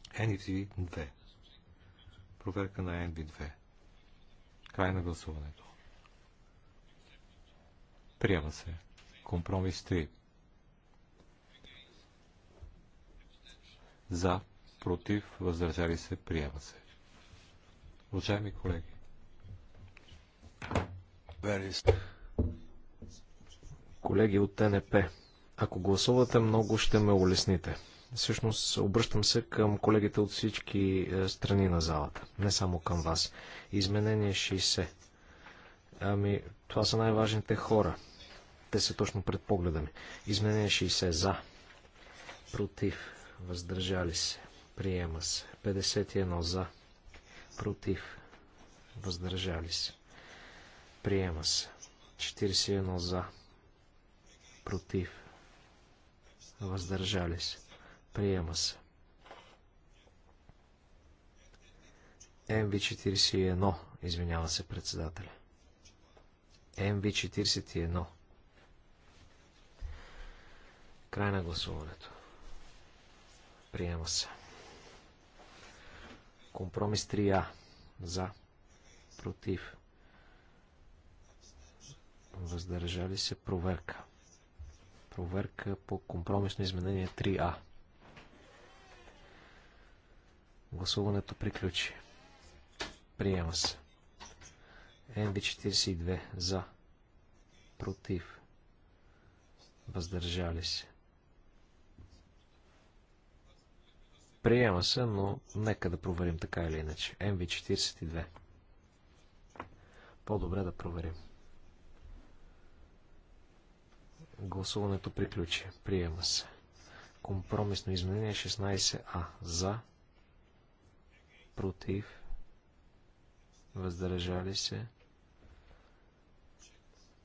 NV2. Проверка на NV2. Край на гласуването. Приема се. Компромис 3. За, против, въздържали се, приема се. Уважаеми колеги, колеги от ТНП, ако гласувате много, ще ме улесните. Всъщност обръщам се към колегите от всички е, страни на залата, не само към вас. Изменение 60. Ами, това са най-важните хора. Те са точно пред погледа ми. Изменение 60. За. Против. Въздържали се. Приема се. 51. За. Против. Въздържали се. Приема се. 41. За. Против. Въздържали се. Приема се. МВ-41, извинява се председателя. МВ-41. Край на гласуването. Приема се. Компромис 3А. За. Против. Въздържали се проверка. Проверка по компромисно изменение 3А. Гласуването приключи. Приема се. МВ-42 за. Против. Въздържали се. Приема се, но нека да проверим така или иначе. МВ-42. По-добре да проверим. Гласуването приключи. Приема се. Компромисно изменение 16А. За против, въздържали се,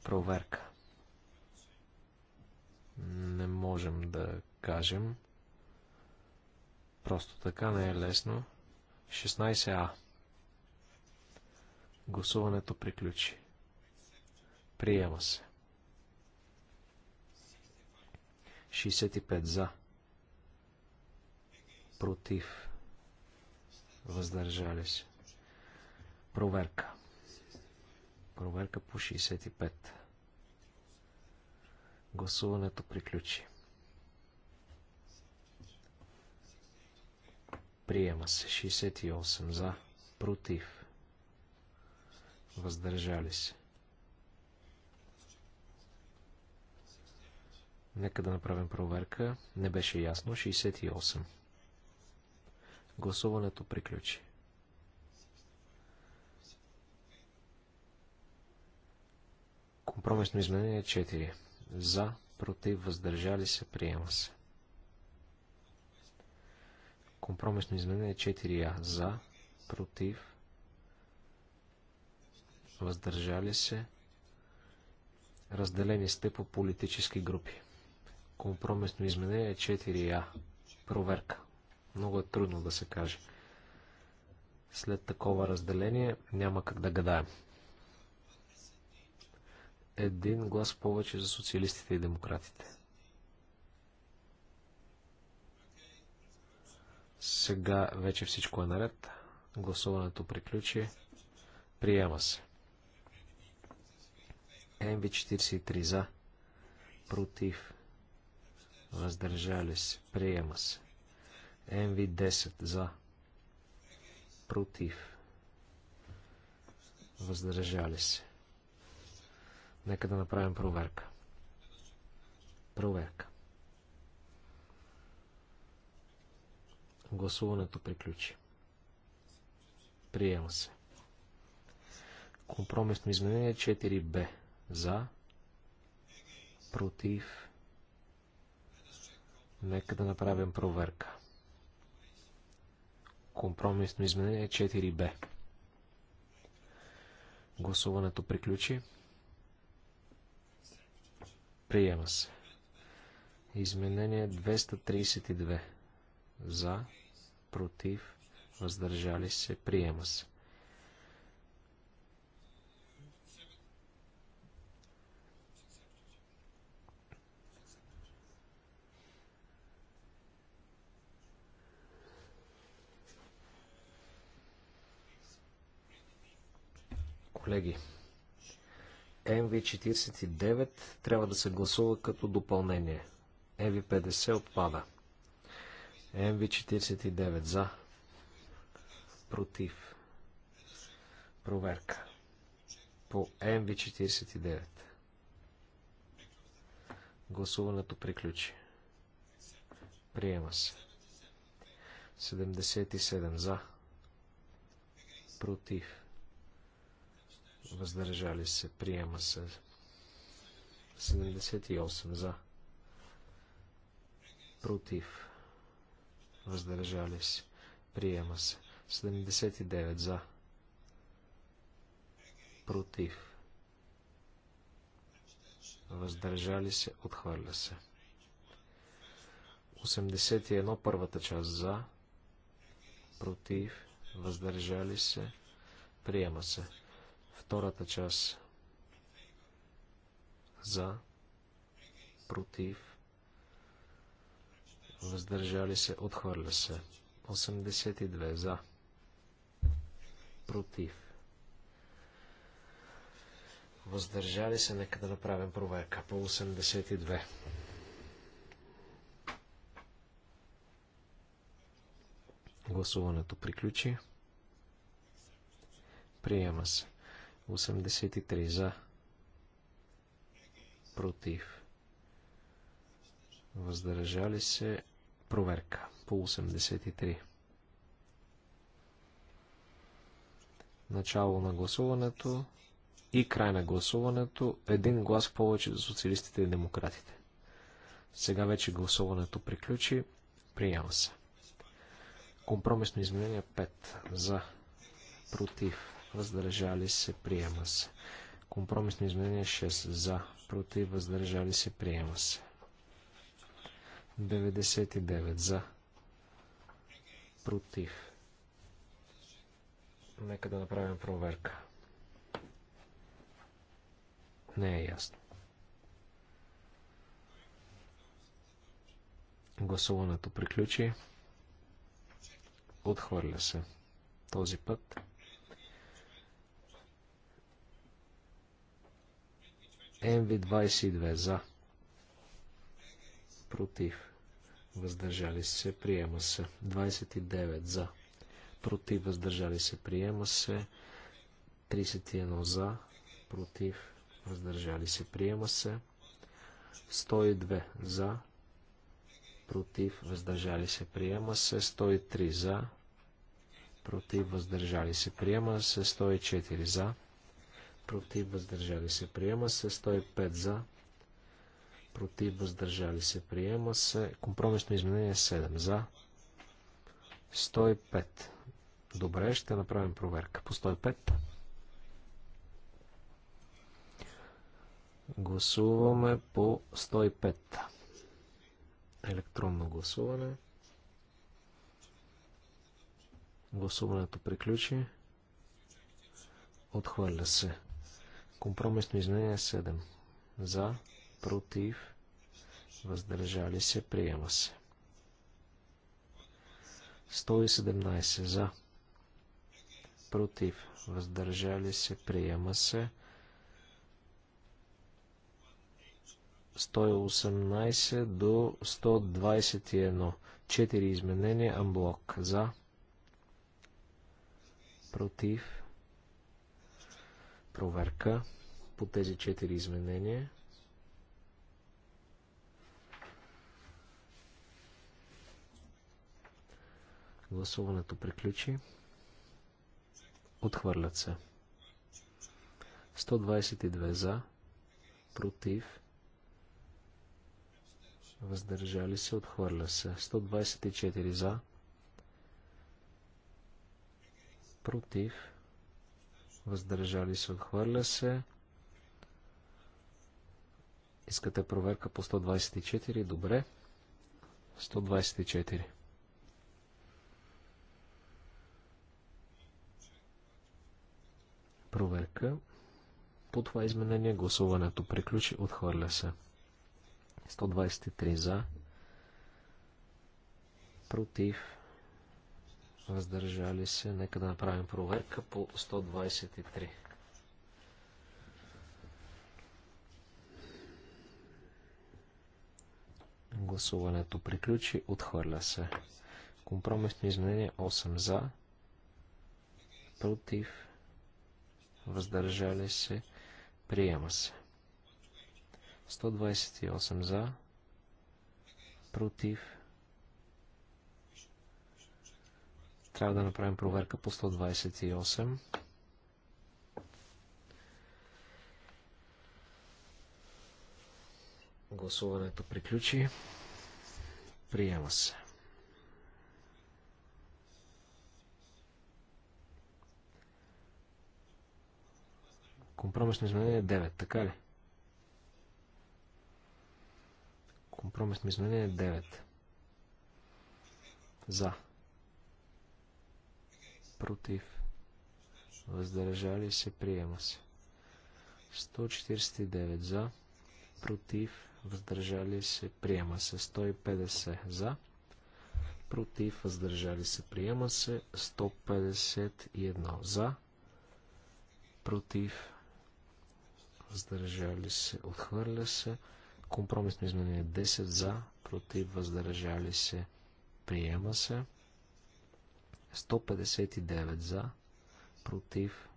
проверка. Не можем да кажем. Просто така не е лесно. 16А. Гласуването приключи. Приема се. 65 за. Против въздържали се. Проверка. Проверка по 65. Гласуването приключи. Приема се 68 за, против, въздържали се. Нека да направим проверка. Не беше ясно. 68. Гласуването приключи. Компромисно изменение 4. За, против, въздържали се, приема се. Компромисно изменение 4А. За, против, въздържали се, разделени сте по политически групи. Компромисно изменение 4А. Проверка. Много е трудно да се каже. След такова разделение няма как да гадаем. Един глас повече за социалистите и демократите. Сега вече всичко е наред. Гласуването приключи. Приема се. МВ-43 за. Против. Въздържали се. Приема се. МВ10 за. Против. Въздържали се. Нека да направим проверка. Проверка. Гласуването приключи. Приема се. Компромисно изменение 4Б. За. Против. Нека да направим проверка. Компромисно изменение 4 б Гласуването приключи. Приема се. Изменение 232. За, против, въздържали се, приема се. колеги. МВ-49 трябва да се гласува като допълнение. МВ-50 отпада. МВ-49 за. Против. Проверка. По МВ-49. Гласуването приключи. Приема се. 77 за. Против въздържали се, приема се 78 за, против, въздържали се, приема се 79 за, против, въздържали се, отхвърля се. 81 първата част за, против, въздържали се, приема се. Втората част за, против, въздържали се, отхвърля се. 82 за, против, въздържали се, нека да направим проверка по 82. Гласуването приключи. Приема се. 83 за. Против. Въздържали се. Проверка по 83. Начало на гласуването и край на гласуването. Един глас повече за социалистите и демократите. Сега вече гласуването приключи. Приема се. Компромисно изменение 5. За. Против въздържали се, приема се. Компромисно изменение 6 за, против, въздържали се, приема се. 99 за, против. Нека да направим проверка. Не е ясно. Гласуването приключи. Отхвърля се. Този път. МВ-22 за. Против. Въздържали се. Приема се. 29 за. Против. Въздържали се. Приема се. 31 за. Против. Въздържали се. Приема се. 102 за. Против. Въздържали се. Приема се. 103 за. Против. Въздържали се. Приема се. 104 за против въздържали се, приема се 105 за, против въздържали се, приема се компромисно изменение 7 за, 105. Добре, ще направим проверка по 105. Гласуваме по 105. Електронно гласуване. Гласуването приключи. Отхвърля се. Компромисно изменение 7. За, против, въздържали се, приема се. 117 за, против, въздържали се, приема се. 118 до 121. 4 изменения, амблок. За, против, проверка по тези четири изменения. Гласуването приключи. Отхвърлят се. 122 за, против, въздържали се, отхвърля се. 124 за, против, въздържали се, отхвърля се. Искате проверка по 124? Добре. 124. Проверка. По това изменение гласуването приключи, отхвърля се. 123 за, против, въздържали се. Нека да направим проверка по 123. Гласуването приключи, отхвърля се. Компромисно изменение 8 за, против, въздържали се, приема се. 128 за, против, Трябва да направим проверка по 128. Гласуването приключи. Приема се. Компромисно изменение 9, така ли? Компромисно изменение 9. За против, въздържали се, приема се. 149 за, против, въздържали се, приема се. 150 за, против, въздържали се, приема се. 151 за, против, въздържали се, отхвърля се. Компромисно изменение 10 за, против, въздържали се, приема се. 159 за, против.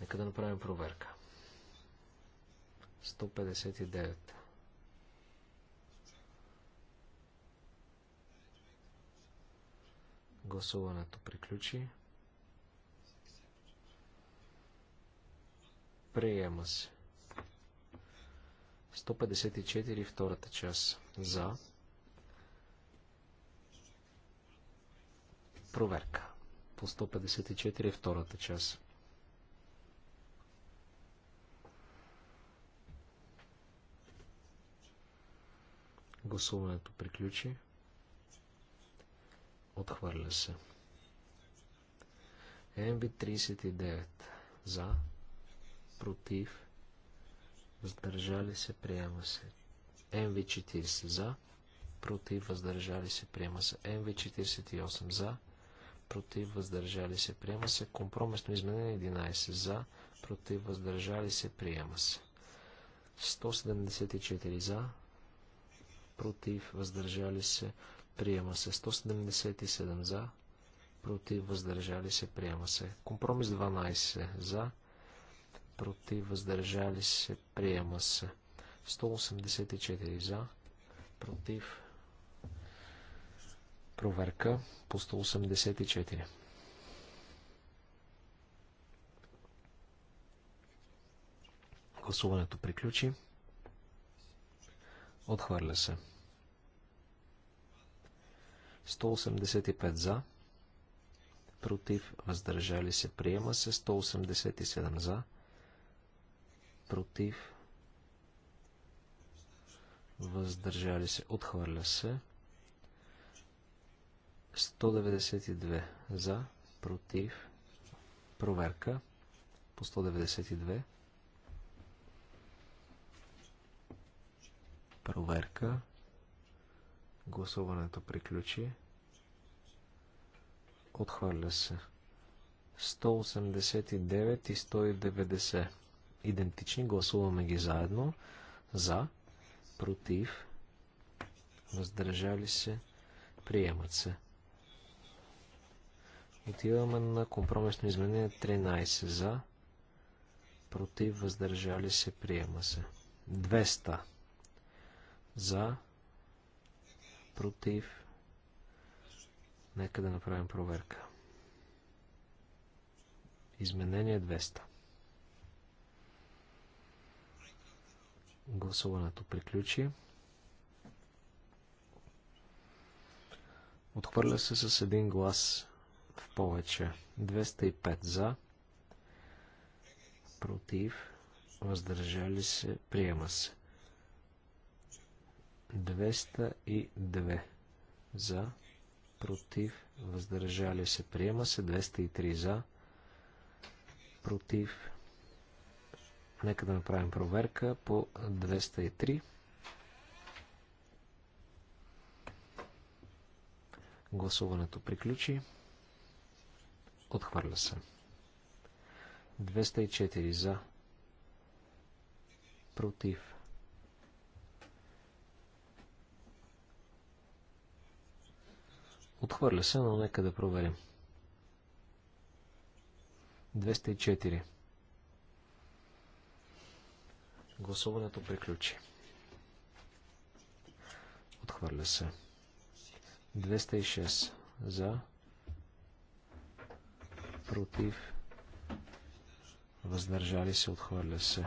Нека да направим проверка. 159. Гласуването приключи. Приема се. 154 втората част за Проверка. По 154 втората част. Гласуването приключи. Отхвърля се. МБ-39 за, против, въздържали се, приема се. МВ-40 за, против, въздържали се, приема се. МВ-48 за, против, въздържали се, приема се. Компромисно изменение 11 за, против, въздържали се, приема се. 174 за, против, въздържали се, приема се. 177 за, против, въздържали се, приема се. Компромис 12 за, против, въздържали се, приема се. 184 за, против, Проверка по 184. Гласуването приключи. Отхвърля се. 185 за. Против. Въздържали се. Приема се. 187 за. Против. Въздържали се. Отхвърля се. 192 за, против, проверка по 192. Проверка. Гласуването приключи. Отхвърля се. 189 и 190. Идентични. Гласуваме ги заедно. За. Против. Въздържали се. Приемат се. Отиваме на компромисно изменение 13 за, против, въздържали се, приема се. 200 за, против. Нека да направим проверка. Изменение 200. Гласуването приключи. Отхвърля се с един глас повече. 205 за, против, въздържали се, приема се. 202 за, против, въздържали се, приема се. 203 за, против. Нека да направим проверка по 203. Гласуването приключи. Отхвърля се. 204 за. Против. Отхвърля се, но нека да проверим. 204. Гласуването приключи. Отхвърля се. 206 за против, въздържали се, отхвърля се.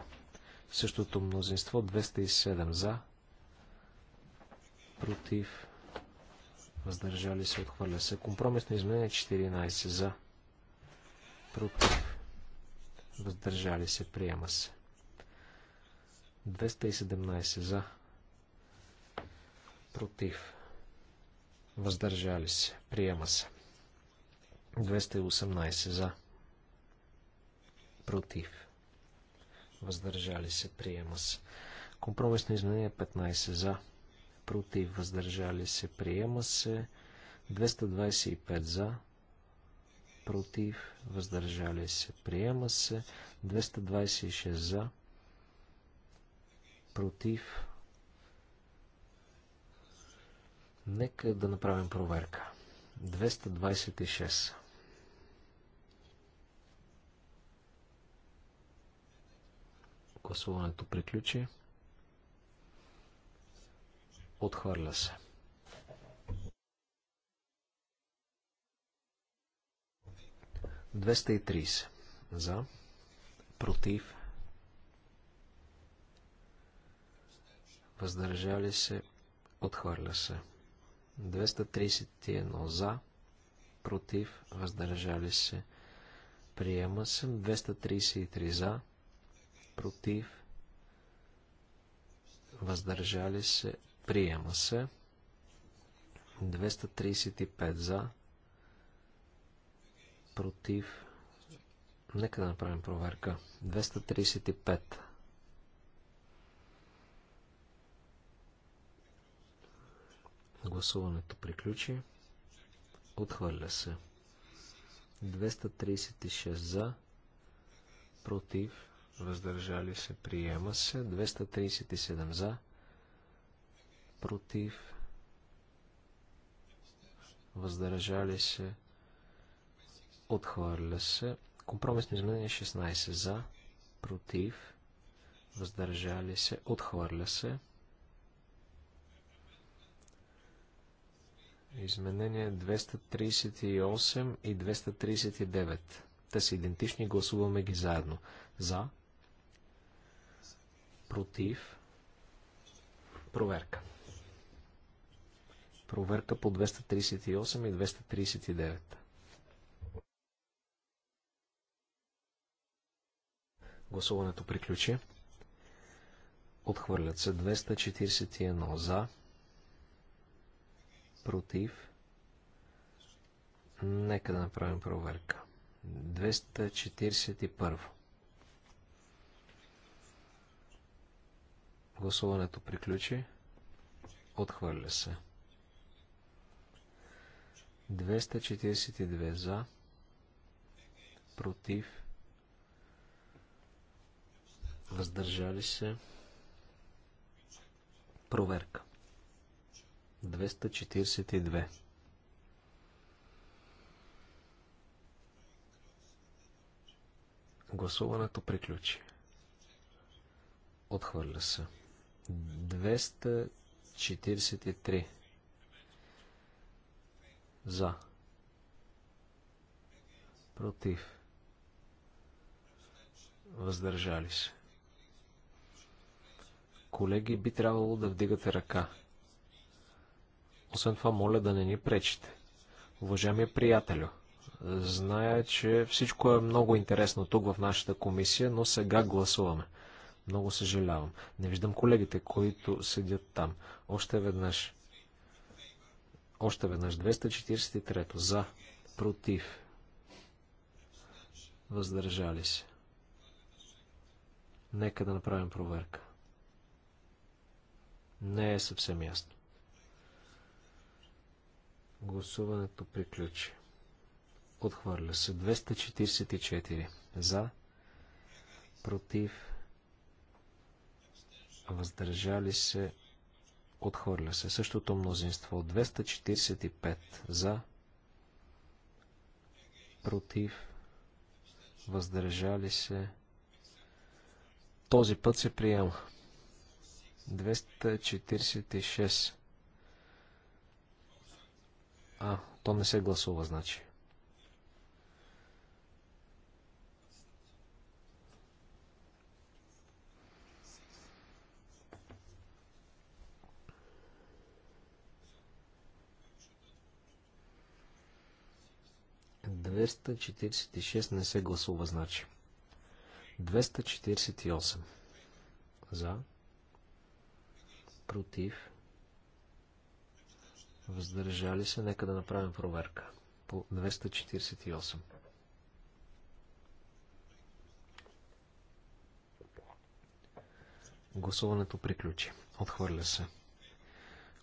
Същото мнозинство 207 за, против, въздържали се, отхвърля се. Компромисно изменение 14 за, против, въздържали се, приема се. 217 за, против, въздържали се, приема се. 218 за. Против. Въздържали се. Приема се. Компромисно изменение 15 за. Против. Въздържали се. Приема се. 225 за. Против. Въздържали се. Приема се. 226 за. Против. Нека да направим проверка. 226. Гласуването приключи. Отхвърля се. Двеста и тридесет. За. Против. Въздържали се. Отхвърля се. 231 за. Против. Въздържали се. Приема се. 233 за против, въздържали се, приема се. 235 за, против, нека да направим проверка. 235. Гласуването приключи. Отхвърля се. 236 за, против, въздържали се, приема се. 237 за, против, въздържали се, отхвърля се. Компромисно изменение 16 за, против, въздържали се, отхвърля се. Изменение 238 и 239. Те са идентични, гласуваме ги заедно. За, против, проверка. Проверка по 238 и 239. Гласуването приключи. Отхвърлят се 241 за, против. Нека да направим проверка. 241. Гласуването приключи. Отхвърля се. 242 за. Против. Въздържали се. Проверка. 242. Гласуването приключи. Отхвърля се. 243 за против въздържали се. Колеги, би трябвало да вдигате ръка. Освен това, моля да не ни пречите. Уважаеми приятелю, зная, че всичко е много интересно тук в нашата комисия, но сега гласуваме. Много съжалявам. Не виждам колегите, които седят там. Още веднъж. Още веднъж. 243. За. Против. Въздържали се. Нека да направим проверка. Не е съвсем ясно. Гласуването приключи. Отхвърля се 244 за, против въздържали се, отхвърля се. Същото мнозинство 245 за, против, въздържали се. Този път се приема. 246. А, то не се гласува, значи. 246 не се гласува, значи. 248. За. Против. Въздържали се. Нека да направим проверка. По 248. Гласуването приключи. Отхвърля се.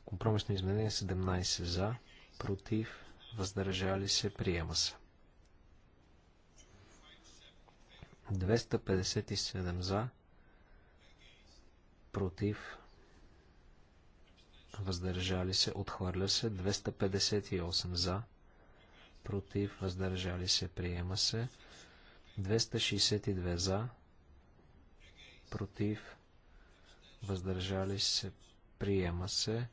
Компромисно изменение 17 за, против, въздържали се, приема се. 257 за, против, въздържали се, отхвърля се, 258 за, против, въздържали се, приема се, 262 за, против, въздържали се, приема се,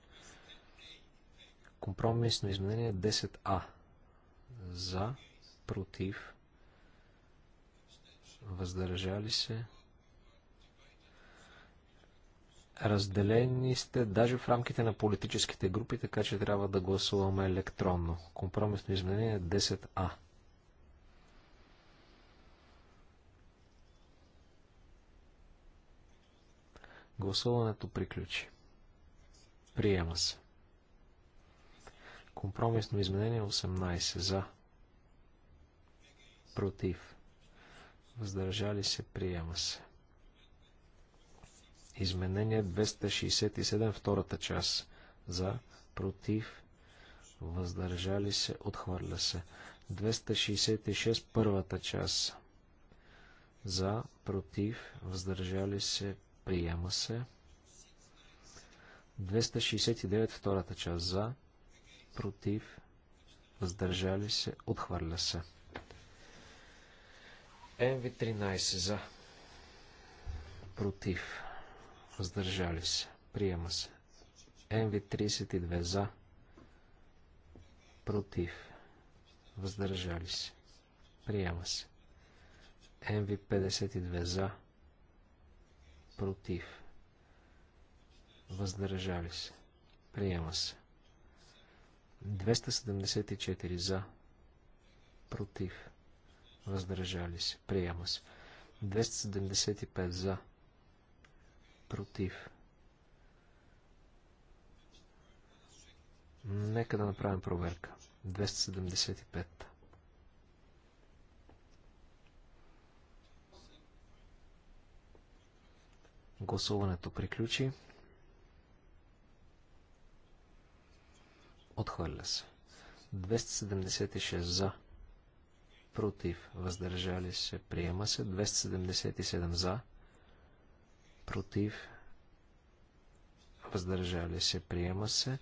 компромисно изменение 10а, за, против, въздържали се. Разделени сте даже в рамките на политическите групи, така че трябва да гласуваме електронно. Компромисно изменение 10А. Гласуването приключи. Приема се. Компромисно изменение 18 за. Против въздържали се, приема се. Изменение 267, втората част. За, против, въздържали се, отхвърля се. 266, първата част. За, против, въздържали се, приема се. 269, втората част. За, против, въздържали се, отхвърля се. МВ-13 за. Против. Въздържали се. Приема се. МВ-32 за. Против. Въздържали се. Приема се. МВ-52 за. Против. Въздържали се. Приема се. 274 за. Против въздържали се, приема се. 275 за, против. Нека да направим проверка. 275. Гласуването приключи. Отхвърля се. 276 за против, въздържали се, приема се, 277 за, против, въздържали се, приема се,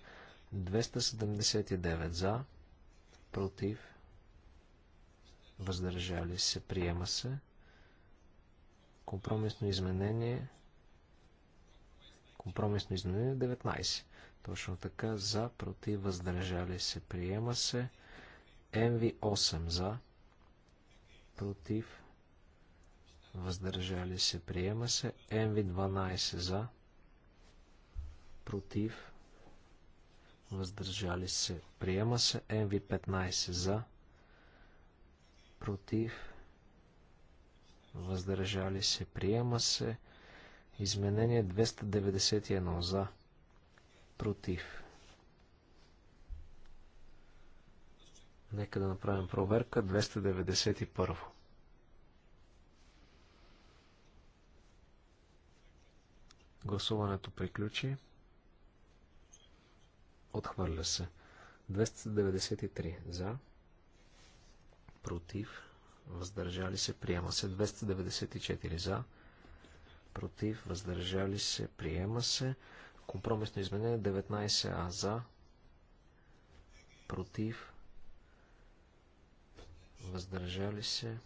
279 за, против, въздържали се, приема се, компромисно изменение, компромисно изменение 19, точно така, за, против, въздържали се, приема се, МВ8 за, против, въздържали се, приема се. МВ12 за, против, въздържали се, приема се. МВ15 за, против, въздържали се, приема се. Изменение 291 за, против Нека да направим проверка. 291. Гласуването приключи. Отхвърля се. 293 за. Против. Въздържали се. Приема се. 294 за. Против. Въздържали се. Приема се. Компромисно изменение 19а за. Против въздържали се.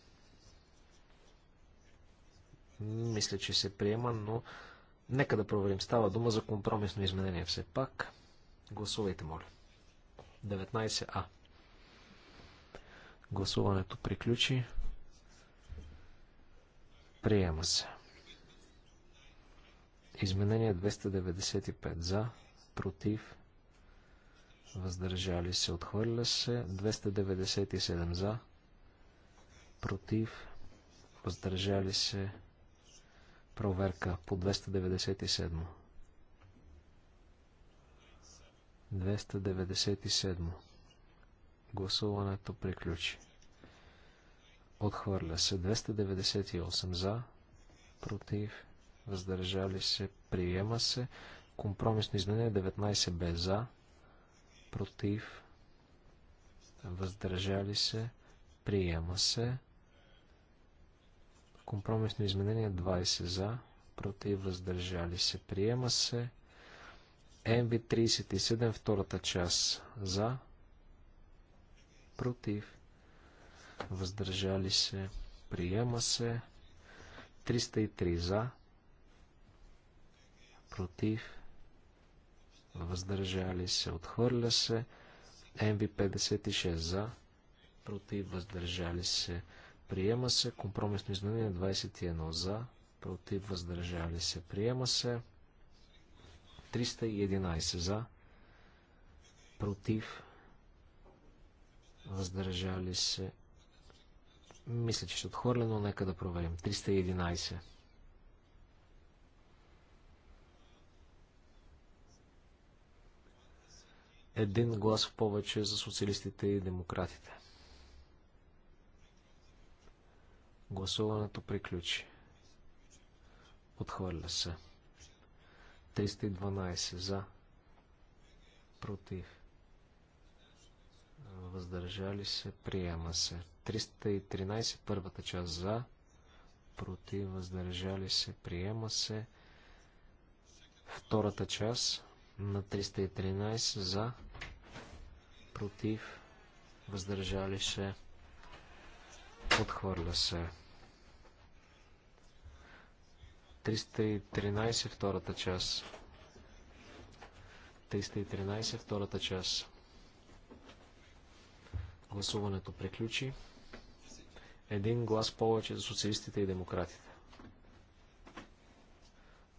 Мисля, че се приема, но нека да проверим. Става дума за компромисно изменение все пак. Гласувайте, моля. 19А. Гласуването приключи. Приема се. Изменение 295 за, против, въздържали се, отхвърля се, 297 за, против, въздържали се, проверка по 297. 297. Гласуването приключи. Отхвърля се 298 за, против, въздържали се, приема се. Компромисно изменение 19 бе за, против, въздържали се, приема се. Компромисно изменение 20 за, против, въздържали се, приема се. МВ 37, втората част за, против, въздържали се, приема се. 303 за, против, въздържали се, отхвърля се. МВ 56 за, против, въздържали се, се Приема се. Компромисно изменение 21 за. Против. Въздържали се. Приема се. 311 за. Против. Въздържали се. Мисля, че ще отхвърля, но нека да проверим. 311. Един глас в повече за социалистите и демократите. Гласуването приключи. Отхвърля се. 312 за. Против. Въздържали се. Приема се. 313 първата част за. Против. Въздържали се. Приема се. Втората част на 313 за. Против. Въздържали се. Отхвърля се. 313 втората част. 313 втората част. Гласуването приключи. Един глас повече за социалистите и демократите.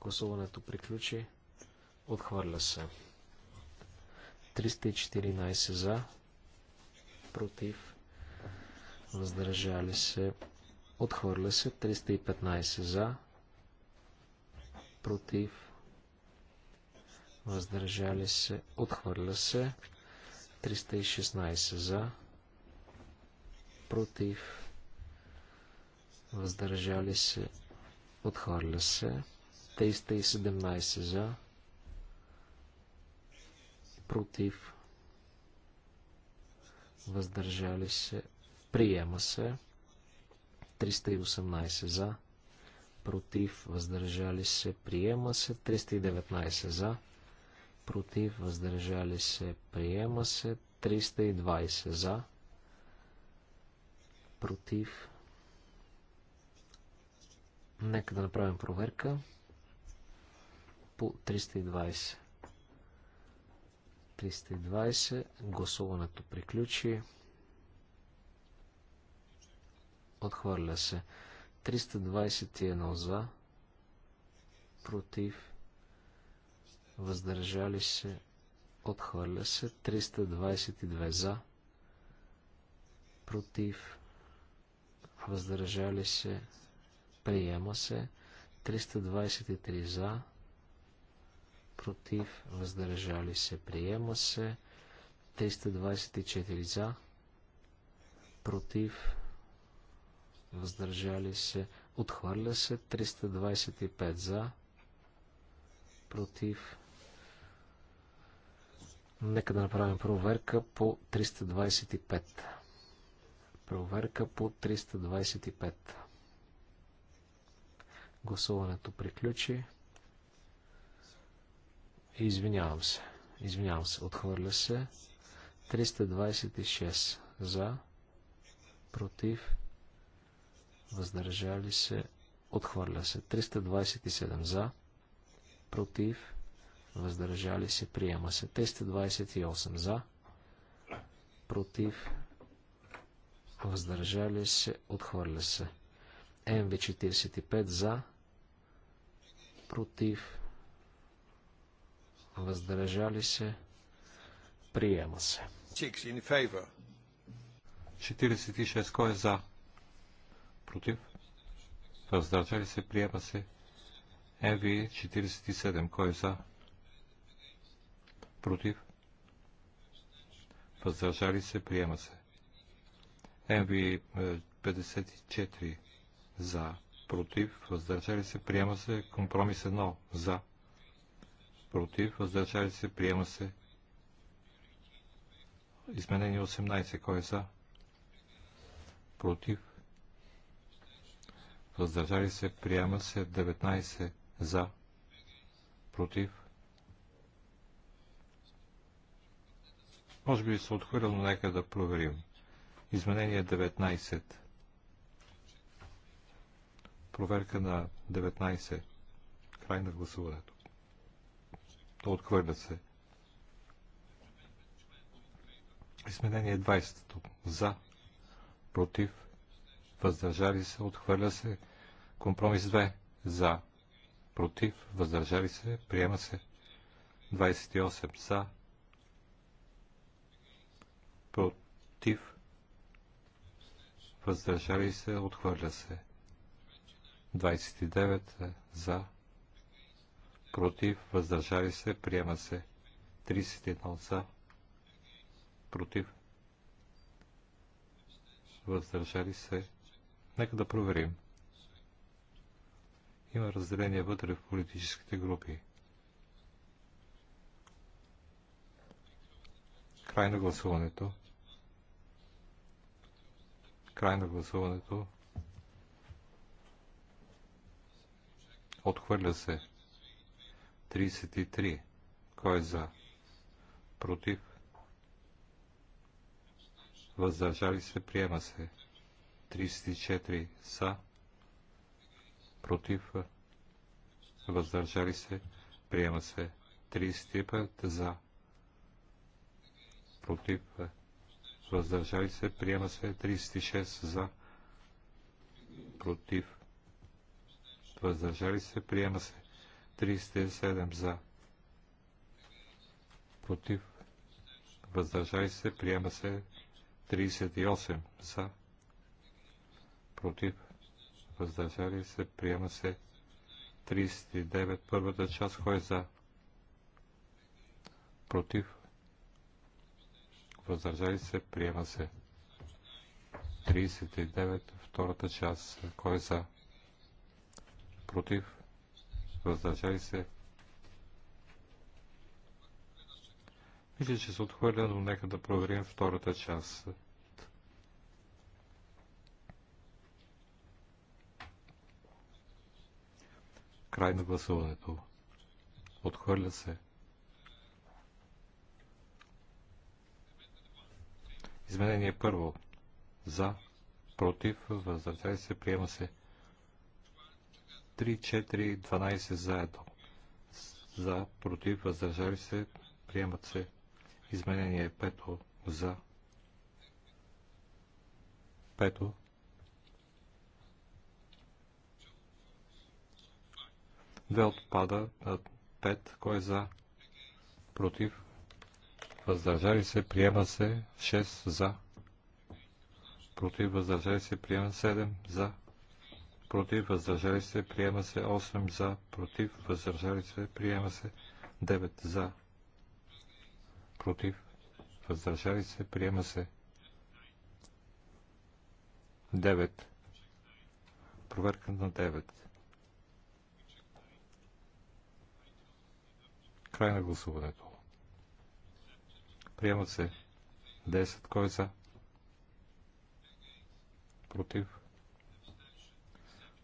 Гласуването приключи. Отхвърля се. 314 за. Против въздържали се, отхвърля се, 315 за, против, въздържали се, отхвърля се, 316 за, против, въздържали се, отхвърля се, 317 за, против, въздържали се, Приема се. 318 за. Против. Въздържали се. Приема се. 319 за. Против. Въздържали се. Приема се. 320 за. Против. Нека да направим проверка по 320. 320. Гласуването приключи. Отхвърля се. 321 за. Против. Въздържали се. Отхвърля се. 322 за. Против. Въздържали се. Приема се. 323 за. Против. Въздържали се. Приема се. 324 за. Против въздържали се, отхвърля се 325 за, против. Нека да направим проверка по 325. Проверка по 325. Гласуването приключи. Извинявам се. Извинявам се. Отхвърля се. 326 за. Против въздържали се, отхвърля се. 327 за, против, въздържали се, приема се. 328 за, против, въздържали се, отхвърля се. МВ-45 за, против, въздържали се, приема се. 46 кой е за? против, въздържали се, приема се. МВ 47, кой е за, против, въздържали се, приема се. МВ 54 е, за, против, въздържали се, приема се. Компромис 1 за, против, въздържали се, приема се. Изменение 18, кой е за? Против, въздържали се, приема се 19 за, против. Може би се отхвърля, но нека да проверим. Изменение 19. Проверка на 19. Край на гласуването. То отхвърля се. Изменение 20. За, против, въздържали се, отхвърля се. Компромис 2 за, против, въздържали се, приема се. 28 за, против, въздържали се, отхвърля се. 29 за, против, въздържали се, приема се. 31 за, против, въздържали се. Нека да проверим. 29. Има разделение вътре в политическите групи. Край на гласуването. Край на гласуването. Отхвърля се. 33. Кой е за? Против? Въздържали се, приема се. 34 са против, въздържали се, приема се 35 за, против, въздържали се, приема се 36 за, против, въздържали се, приема се 37 за, против, въздържали се, приема се 38 за, против, въздържали се, приема се 39, първата част, кой е за, против, въздържали се, приема се 39, втората част, кой е за, против, въздържали се. Мисля, че се отхвърля, но нека да проверим втората част. Край на гласуването. Отхвърля се. Изменение първо. За, против, въздържали се, приема се. 3, 4, 12 заедно. За, против, въздържали се, приемат се. Изменение пето. За. Пето. 2 отпада, 5 кой е за, против, въздържали се, приема се, 6 за, против, въздържали се, приема 7 за, против, въздържали се, приема се, 8 за, против, въздържали се, приема се, 9 за, против, въздържали се, приема се, 9. Проверка на 9. Край на гласуването. Приемат се 10. Кой е за? Против.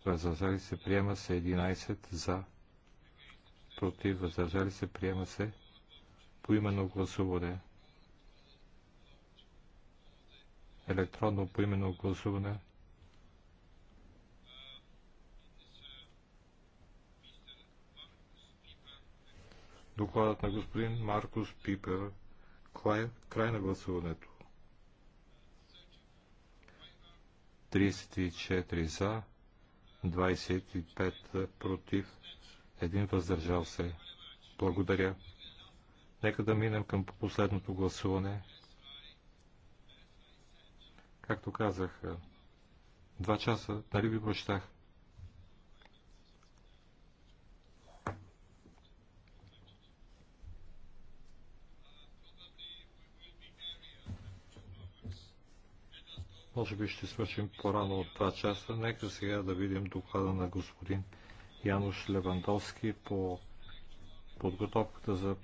Въздържали се. Приема се 11. За. Против. Въздържали се. Приема се по именно гласуване. Електронно поименно гласуване докладът на господин Маркус Пипер. Край, край на гласуването. 34 за, 25 против, един въздържал се. Благодаря. Нека да минем към последното гласуване. Както казах, два часа, нали ви прощах? Може би ще свършим по-рано от 2 часа. Нека сега да видим доклада на господин Януш Левандовски по подготовката за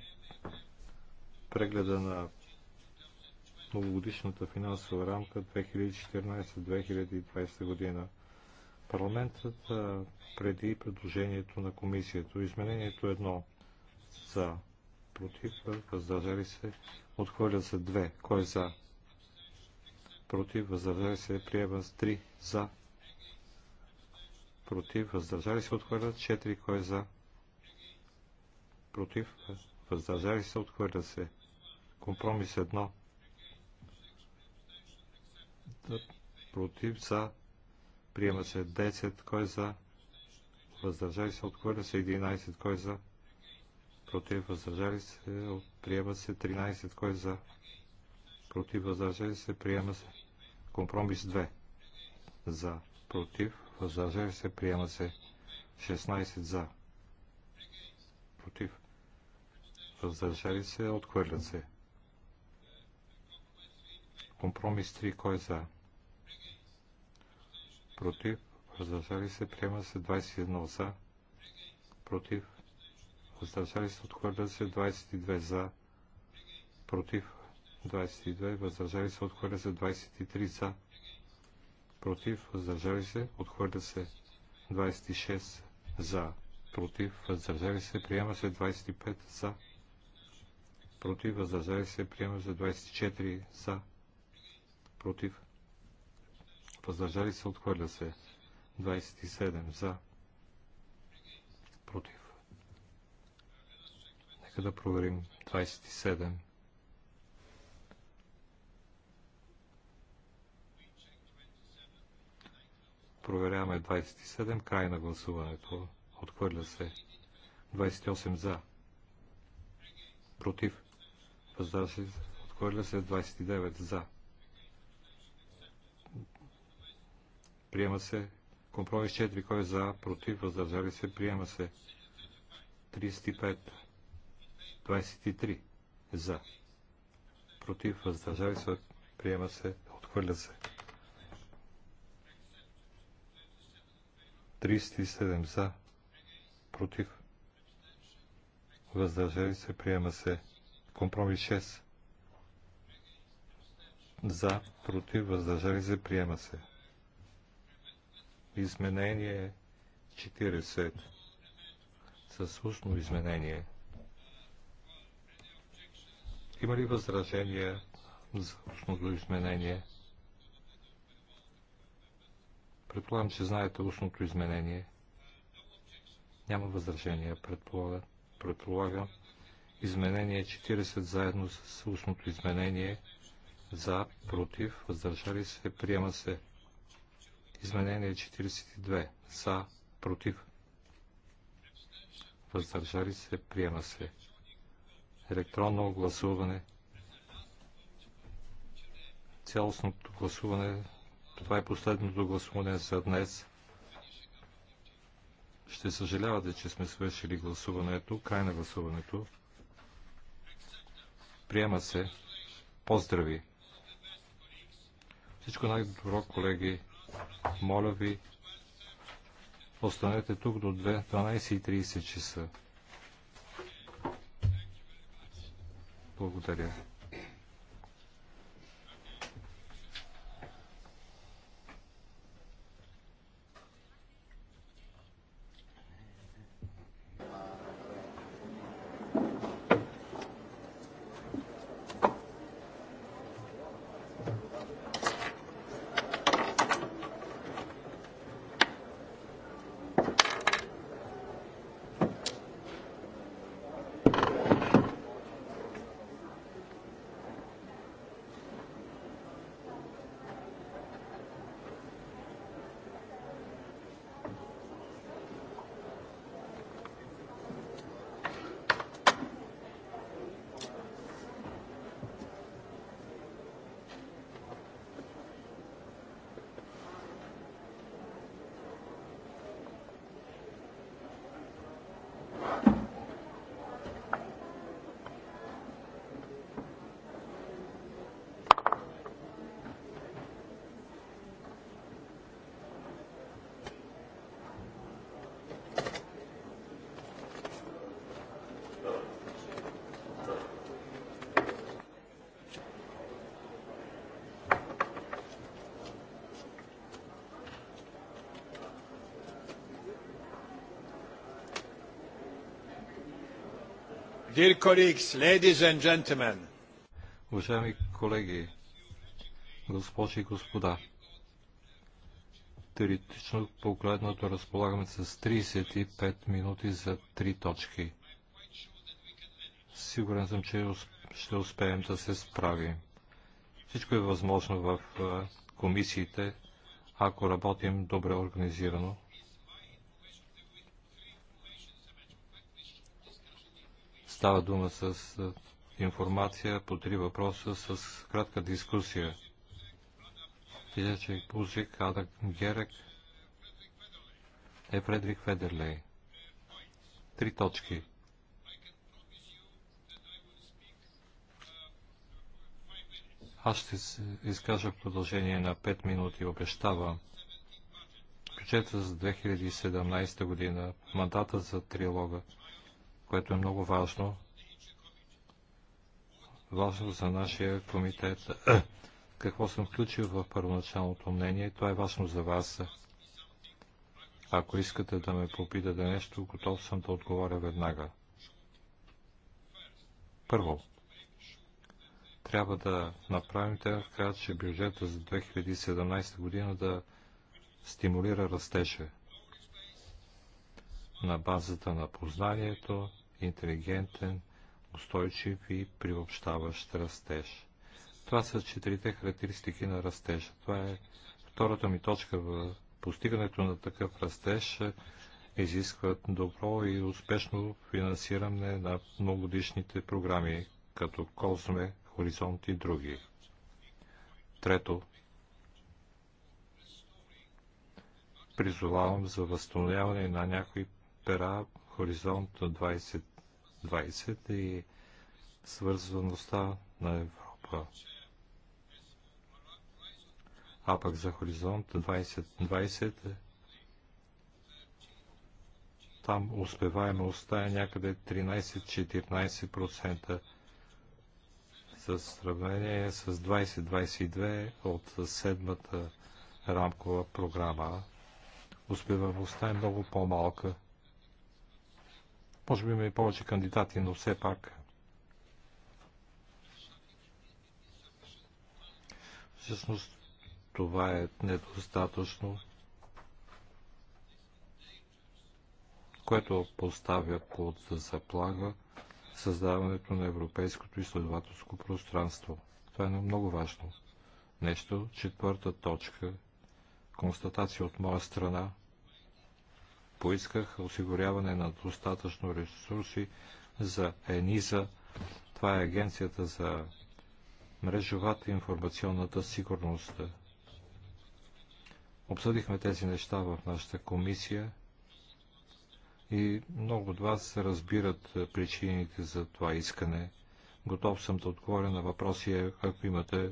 прегледа на новогодишната финансова рамка 2014-2020 година. Парламентът преди предложението на комисията. Изменението е едно за против, въздържали се, отхвърля се две. Кой е за? против, въздържали се, приема с 3 за, против, въздържали се, отхвърля 4, кой е за, против, въздържали се, отхвърля се. Компромис 1, против, за, приема се 10, кой е за, въздържали се, отхвърля се 11, е кой е за, против, въздържали се, приема се 13, кой е за, против, въздържали се, приема се Компромис 2. За. Против. Въздържа се. Приема се. 16 за. Против. Въздържа се. отхвърля се. Компромис 3. Кой е за? Против. Въздържа се. Приема се. 21 за. Против. Въздържа се. отхвърля се. 22 за. Против 22, въздържали се, отхвърля се 23 за, против, въздържали се, отхвърля се 26 за, против, въздържали се, приема се 25 за, против, въздържали се, приема се 24 за, против, въздържали се, отхвърля се 27 за, против. Нека да проверим 27. Проверяваме 27. Край на гласуването. Отхвърля се. 28 за. Против. Въздава се. Отхвърля се. 29 за. Приема се. Компромис 4. Кой е за? Против. Въздържали се. Приема се. 35. 23. За. Против. Въздържали се. Приема се. Отхвърля се. 37 за, против, въздържали се, приема се. Компромис 6 за, против, въздържали се, приема се. Изменение 40 Със устно изменение. Има ли възражения за устното изменение? Предполагам, че знаете устното изменение. Няма възражения, предполагам. предполагам. Изменение 40 заедно с устното изменение. За, против, въздържали се, приема се. Изменение 42. За, против. Въздържали се, приема се. Електронно гласуване. Цялостното гласуване това е последното гласуване за днес. Ще съжалявате, че сме свършили гласуването. Край на гласуването. Приема се. Поздрави! Всичко най-добро, колеги. Моля ви, останете тук до 12.30 часа. Благодаря. Dear colleagues, ladies and gentlemen. Уважаеми колеги, госпожи и господа, теоретично погледнато разполагаме с 35 минути за три точки. Сигурен съм, че ще успеем да се справим. Всичко е възможно в комисиите, ако работим добре организирано Става дума с информация по три въпроса с кратка дискусия. Физичек Пузик, Адак Герек е Фредрик Федерлей. Три точки. Аз ще се изкажа в продължение на 5 минути, обещавам. Бюджета за 2017 година, мандата за трилога, което е много важно. Важно за нашия комитет. Какво съм включил в първоначалното мнение, това е важно за вас. Ако искате да ме попитате нещо, готов съм да отговоря веднага. Първо, трябва да направим така, че бюджета за 2017 година да стимулира растежа на базата на познанието, интелигентен, устойчив и приобщаващ растеж. Това са четирите характеристики на растежа. Това е втората ми точка в постигането на такъв растеж изискват добро и успешно финансиране на многогодишните програми, като Козме, Хоризонт и други. Трето, призовавам за възстановяване на някои пера Хоризонт 20 и свързаността на Европа. А пък за хоризонт 2020 20, там успеваемостта е някъде 13-14% за сравнение с 2022 от седмата рамкова програма. Успеваемостта е много по-малка. Може би има и повече кандидати, но все пак. Всъщност това е недостатъчно, което поставя под заплага създаването на европейското изследователско пространство. Това е много важно. Нещо, четвърта точка, констатация от моя страна, поисках осигуряване на достатъчно ресурси за ЕНИЗА. Това е агенцията за мрежовата информационната сигурност. Обсъдихме тези неща в нашата комисия и много от вас разбират причините за това искане. Готов съм да отговоря на въпроси, ако имате.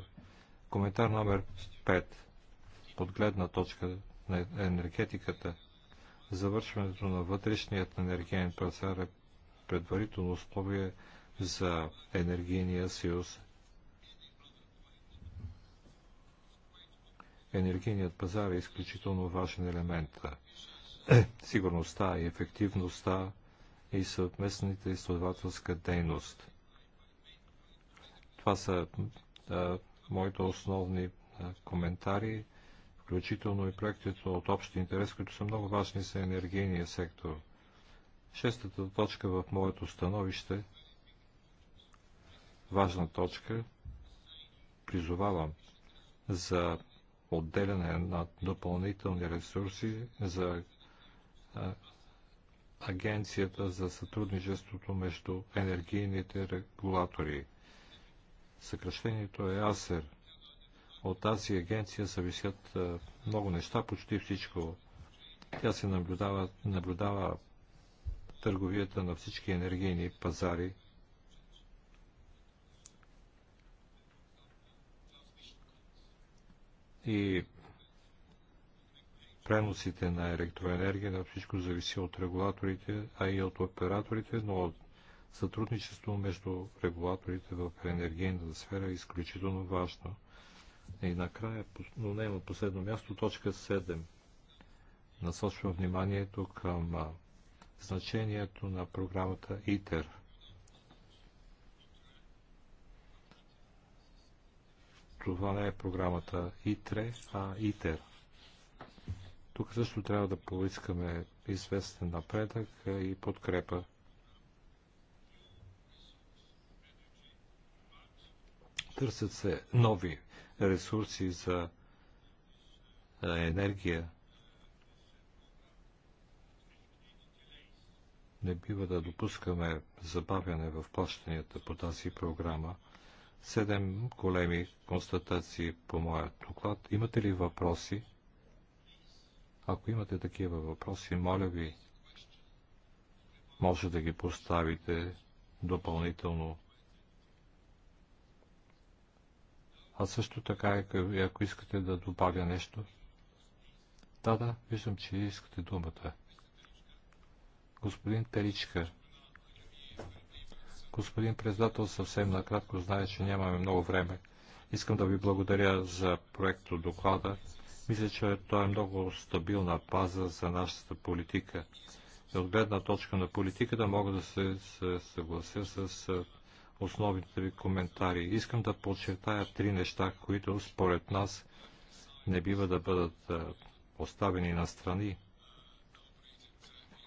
Коментар номер 5 от гледна точка на енергетиката – завършването на вътрешният енергиен пазар е предварително условие за енергийния съюз. Енергийният пазар е изключително важен елемент. Е, сигурността и ефективността и съвместната изследователска дейност. Това са а, моите основни а, коментари включително и проектите от общ интерес, които са много важни за енергийния сектор. Шестата точка в моето становище, важна точка, призовавам за отделяне на допълнителни ресурси за Агенцията за сътрудничеството между енергийните регулатори. Съкръщението е АСЕР – от тази агенция зависят е, много неща, почти всичко. Тя се наблюдава, наблюдава търговията на всички енергийни пазари. И преносите на електроенергия, на всичко зависи от регулаторите, а и от операторите, но от сътрудничество между регулаторите в енергийната сфера е изключително важно – и накрая, но не на последно място, точка 7 насочва вниманието към значението на програмата ИТЕР. Това не е програмата ИТРЕ, а ИТЕР. Тук също трябва да поискаме известен напредък и подкрепа. Търсят се нови ресурси за енергия. Не бива да допускаме забавяне в плащанията по тази програма. Седем големи констатации по моят доклад. Имате ли въпроси? Ако имате такива въпроси, моля ви, може да ги поставите допълнително А също така, ако искате да добавя нещо. Да, да, виждам, че искате думата. Господин Перичка, Господин председател, съвсем накратко знае, че нямаме много време. Искам да ви благодаря за проекто доклада. Мисля, че той е много стабилна база за нашата политика. И от гледна точка на политиката мога да се съглася с основните ви коментари. Искам да подчертая три неща, които според нас не бива да бъдат е, оставени на страни,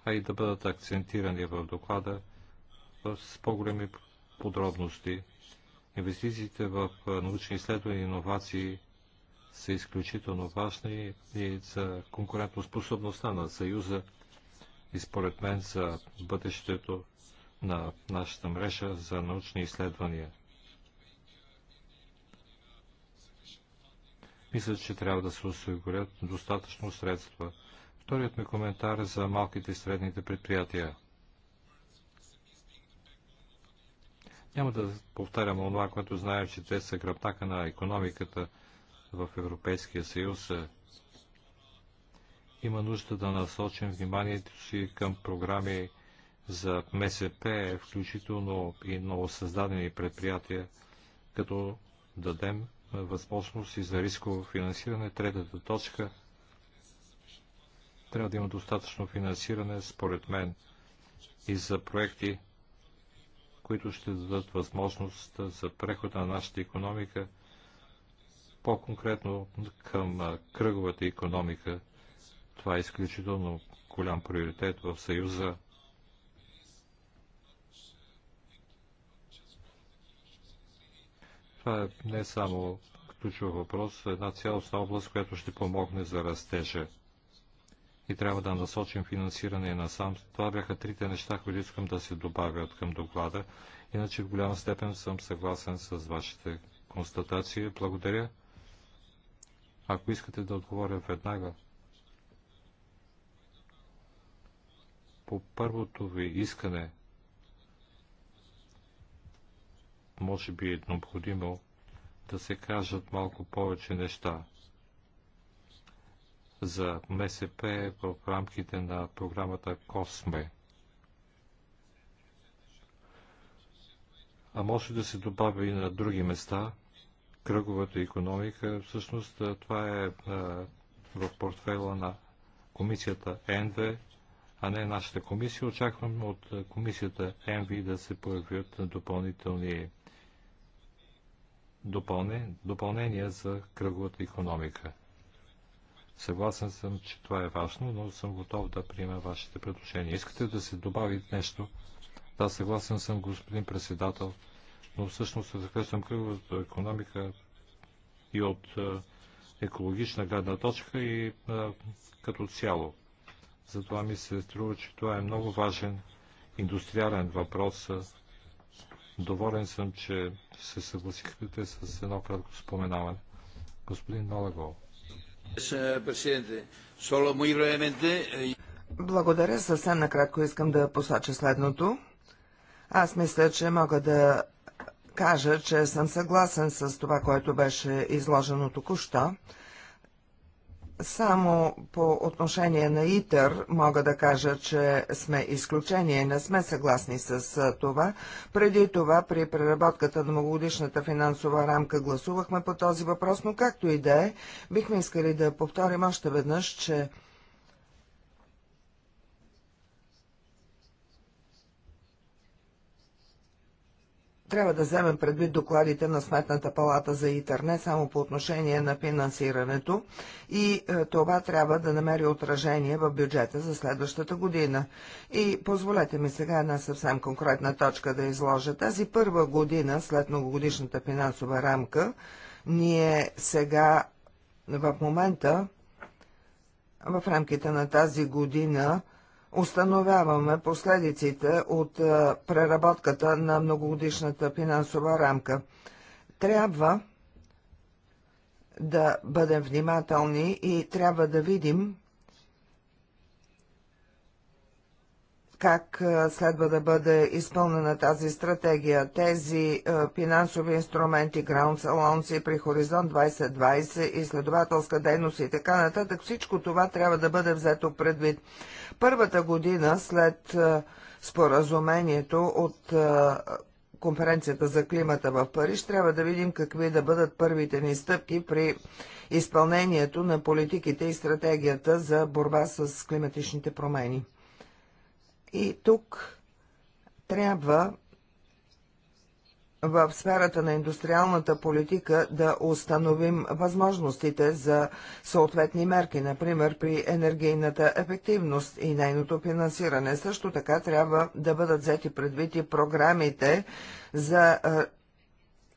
а и да бъдат акцентирани в доклада с по-големи подробности. Инвестициите в е, научни изследвания и иновации са изключително важни и за конкурентоспособността на Съюза и според мен за бъдещето на нашата мрежа за научни изследвания. Мисля, че трябва да се осигурят достатъчно средства. Вторият ми коментар е за малките и средните предприятия. Няма да повтарям онова, което знаем, че те са гръбнака на економиката в Европейския съюз. Има нужда да насочим вниманието си към програми, за МСП, включително и новосъздадени предприятия, като дадем възможност и за рисково финансиране. Третата точка трябва да има достатъчно финансиране, според мен, и за проекти, които ще дадат възможност за преход на нашата економика, по-конкретно към кръговата економика. Това е изключително голям приоритет в Съюза. Това е не само ключов въпрос, а една цялостна област, която ще помогне за растежа. И трябва да насочим финансиране на сам. Това бяха трите неща, които искам да се добавят към доклада. Иначе в голяма степен съм съгласен с вашите констатации. Благодаря. Ако искате да отговоря веднага. По първото ви искане – може би е необходимо да се кажат малко повече неща за МСП в рамките на програмата Косме. А може да се добави и на други места. Кръговата економика, всъщност това е в портфела на комисията НВ, а не нашата комисия. Очаквам от комисията НВ да се появят допълнителни допълнение, допълнение за кръговата економика. Съгласен съм, че това е важно, но съм готов да приема вашите предложения. Искате да се добави нещо? Да, съгласен съм, господин председател, но всъщност разглеждам кръговата економика и от е, екологична гледна точка и а, е, като цяло. Затова ми се струва, че това е много важен индустриален въпрос е, Доволен съм, че се съгласихте с едно кратко споменаване. Господин Налагол. Благодаря. Съвсем накратко искам да посоча следното. Аз мисля, че мога да кажа, че съм съгласен с това, което беше изложено току-що. Само по отношение на ИТЕР мога да кажа, че сме изключение и не сме съгласни с това. Преди това при преработката на многогодишната финансова рамка гласувахме по този въпрос, но както и да е, бихме искали да повторим още веднъж, че трябва да вземем предвид докладите на Сметната палата за интернет само по отношение на финансирането и е, това трябва да намери отражение в бюджета за следващата година. И позволете ми сега една съвсем конкретна точка да изложа. Тази първа година след многогодишната финансова рамка, ние сега в момента в рамките на тази година установяваме последиците от преработката на многогодишната финансова рамка. Трябва да бъдем внимателни и трябва да видим как следва да бъде изпълнена тази стратегия. Тези финансови инструменти, граунд салонци при Хоризонт 2020, изследователска дейност и така нататък, всичко това трябва да бъде взето предвид. Първата година след споразумението от конференцията за климата в Париж, трябва да видим какви да бъдат първите ни стъпки при изпълнението на политиките и стратегията за борба с климатичните промени. И тук трябва в сферата на индустриалната политика да установим възможностите за съответни мерки, например при енергийната ефективност и нейното финансиране. Също така трябва да бъдат взети предвид и програмите за е,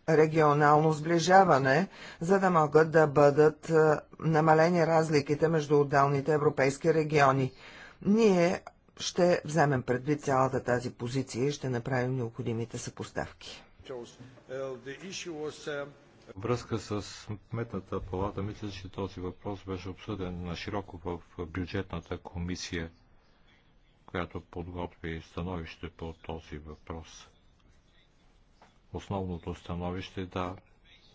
регионално сближаване, за да могат да бъдат е, намалени разликите между отдалните европейски региони. Ние ще вземем предвид цялата тази позиция и ще направим необходимите съпоставки. Връзка с Метната палата, мисля, че този въпрос беше обсъден на широко в бюджетната комисия, която подготви становище по този въпрос. Основното становище, да,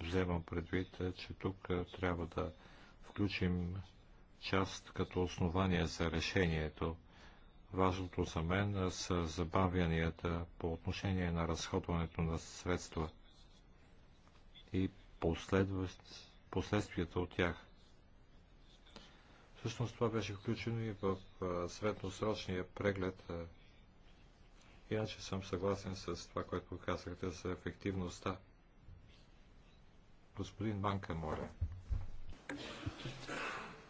вземам предвид, е, че тук е, трябва да включим част като основание за решението – Важното за мен са забавянията по отношение на разходването на средства и последствията от тях. Всъщност това беше включено и в средносрочния преглед. Иначе съм съгласен с това, което казахте за ефективността. Господин Банка, моля.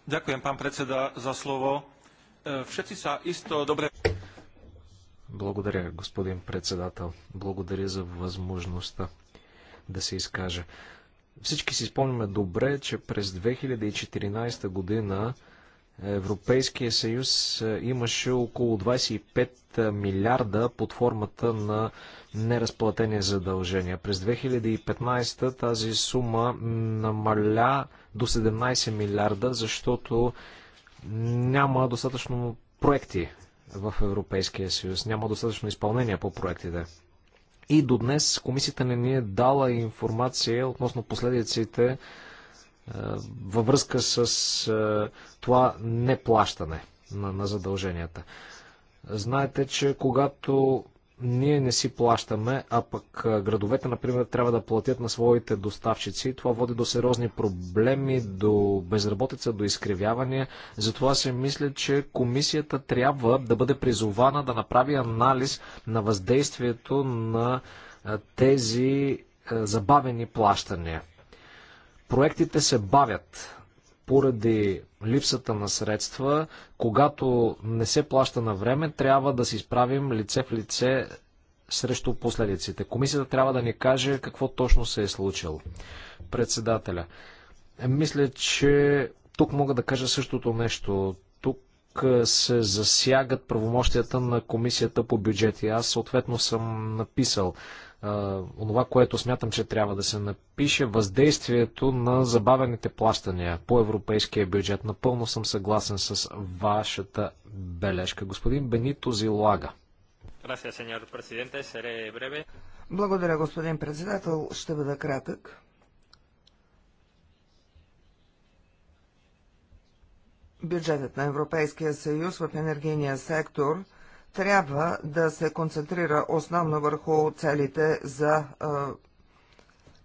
Дякуем, пан председа, за слово. Všetci е, Благодаря, господин председател. Благодаря за възможността да се изкажа. Всички си спомняме добре, че през 2014 година Европейския съюз е, имаше около 25 е, милиарда под формата на неразплатени задължения. През 2015 тази сума намаля до 17 милиарда, защото няма достатъчно проекти в Европейския съюз, няма достатъчно изпълнение по проектите. И до днес комисията не ни е дала информация относно последиците е, във връзка с е, това неплащане на, на задълженията. Знаете, че когато ние не си плащаме, а пък градовете, например, трябва да платят на своите доставчици. Това води до сериозни проблеми, до безработица, до изкривявания. Затова се мисля, че комисията трябва да бъде призована да направи анализ на въздействието на тези забавени плащания. Проектите се бавят поради липсата на средства, когато не се плаща на време, трябва да се изправим лице в лице срещу последиците. Комисията трябва да ни каже какво точно се е случило. Председателя. Мисля, че тук мога да кажа същото нещо. Тук се засягат правомощията на комисията по бюджети. Аз съответно съм написал онова, което смятам, че трябва да се напише, въздействието на забавените плащания по европейския бюджет. Напълно съм съгласен с вашата бележка. Господин Бенито Зилага. Благодаря, господин председател. Ще бъда кратък. Бюджетът на Европейския съюз в енергийния сектор – трябва да се концентрира основно върху целите за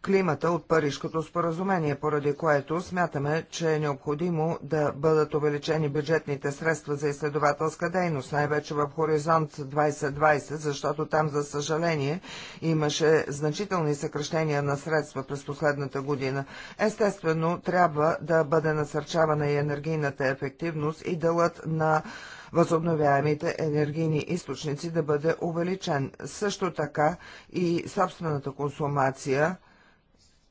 климата от Парижкото споразумение, поради което смятаме, че е необходимо да бъдат увеличени бюджетните средства за изследователска дейност, най-вече в Хоризонт 2020, защото там, за съжаление, имаше значителни съкрещения на средства през последната година. Естествено, трябва да бъде насърчавана и енергийната ефективност и делът на възобновяемите енергийни източници да бъде увеличен. Също така и собствената консумация –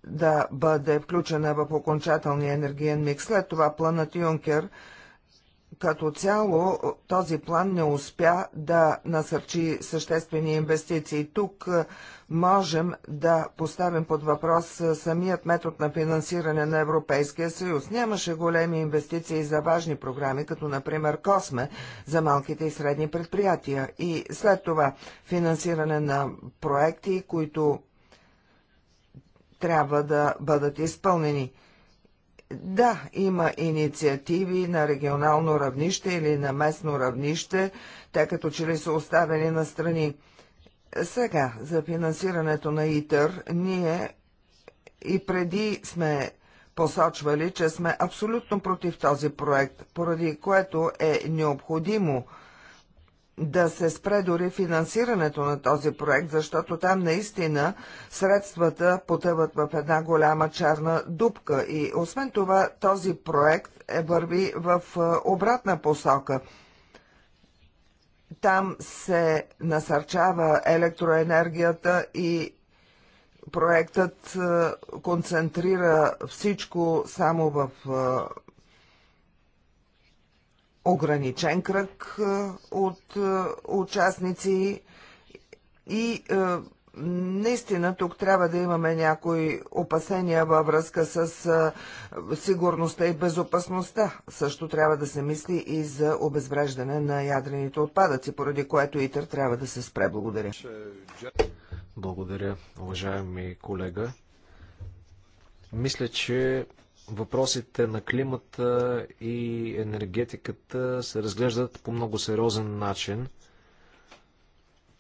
да бъде включена в окончателния енергиен микс. След това планът Юнкер като цяло този план не успя да насърчи съществени инвестиции. Тук е, можем да поставим под въпрос е, самият метод на финансиране на Европейския съюз. Нямаше големи инвестиции за важни програми, като например Косме за малките и средни предприятия и след това финансиране на проекти, които трябва да бъдат изпълнени. Да, има инициативи на регионално равнище или на местно равнище, те като че ли са оставени на страни. Сега, за финансирането на ИТър, ние и преди сме посочвали, че сме абсолютно против този проект, поради което е необходимо – да се спре дори финансирането на този проект, защото там наистина средствата потъват в една голяма черна дупка. И освен това, този проект е върви в е, обратна посока. Там се насърчава електроенергията и проектът е, концентрира всичко само в е, ограничен кръг е, от е, участници и е, наистина тук трябва да имаме някои опасения във връзка с сигурността и безопасността. Също трябва да се мисли и за обезвреждане на ядрените отпадъци, поради което ИТАР трябва да се спре. Благодаря. Благодаря, уважаеми колега. Мисля, че въпросите на климата и енергетиката се разглеждат по много сериозен начин.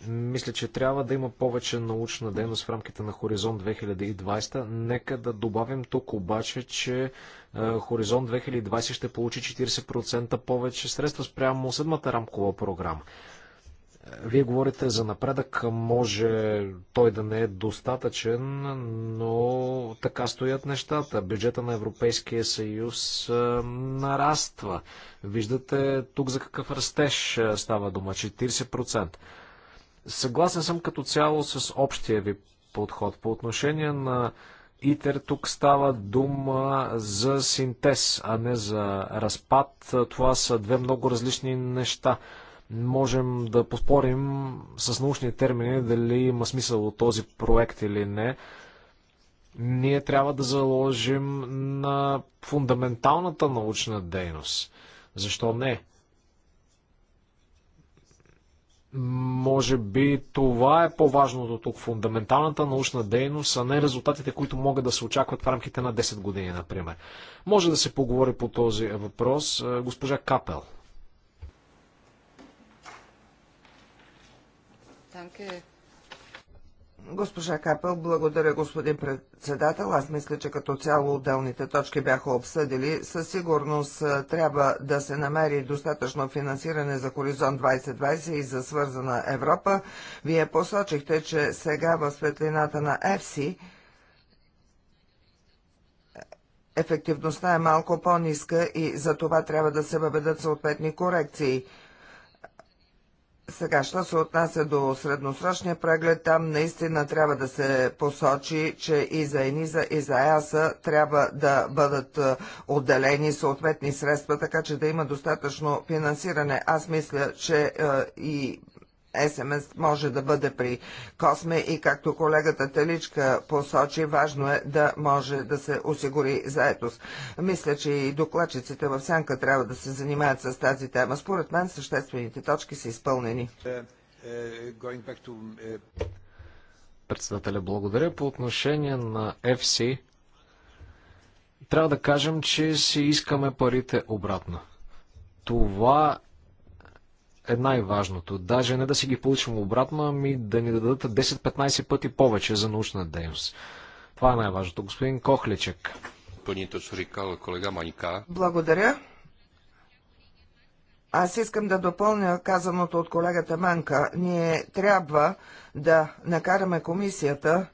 Мисля, че трябва да има повече научна дейност в рамките на Хоризонт 2020. Нека да добавим тук обаче, че е, Хоризонт 2020 ще получи 40% повече средства спрямо седмата рамкова програма. Вие говорите за напредък, може той да не е достатъчен, но така стоят нещата. Бюджета на Европейския съюз нараства. Виждате тук за какъв растеж става дума 40%. Съгласен съм като цяло с общия ви подход. По отношение на ИТЕР тук става дума за синтез, а не за разпад. Това са две много различни неща можем да поспорим с научни термини дали има смисъл от този проект или не. Ние трябва да заложим на фундаменталната научна дейност. Защо не? Може би това е по-важното тук. Фундаменталната научна дейност, а не резултатите, които могат да се очакват в рамките на 10 години, например. Може да се поговори по този въпрос. Госпожа Капел Госпожа Капел, благодаря господин председател. Аз мисля, че като цяло отделните точки бяха обсъдили. Със сигурност трябва да се намери достатъчно финансиране за Хоризонт 2020 и за свързана Европа. Вие посочихте, че сега в светлината на ЕФСИ ефективността е малко по-ниска и за това трябва да се въведат съответни корекции – сега, що се отнася до средносрочния преглед, там наистина трябва да се посочи, че и за ЕНИЗА, и за ЕАСА трябва да бъдат е, отделени съответни средства, така че да има достатъчно финансиране. Аз мисля, че е, и СМС може да бъде при Косме и както колегата Теличка посочи, важно е да може да се осигури заетост. Мисля, че и докладчиците в Сянка трябва да се занимаят с тази тема. Според мен съществените точки са изпълнени. Е, е, е, Председателя, благодаря. По отношение на FC, трябва да кажем, че си искаме парите обратно. Това е най-важното. Даже не да си ги получим обратно, ами да ни дадат 10-15 пъти повече за научна дейност. Това е най-важното. Господин Кохлечек. Благодаря. Аз искам да допълня казаното от колегата Манка. Ние трябва да накараме комисията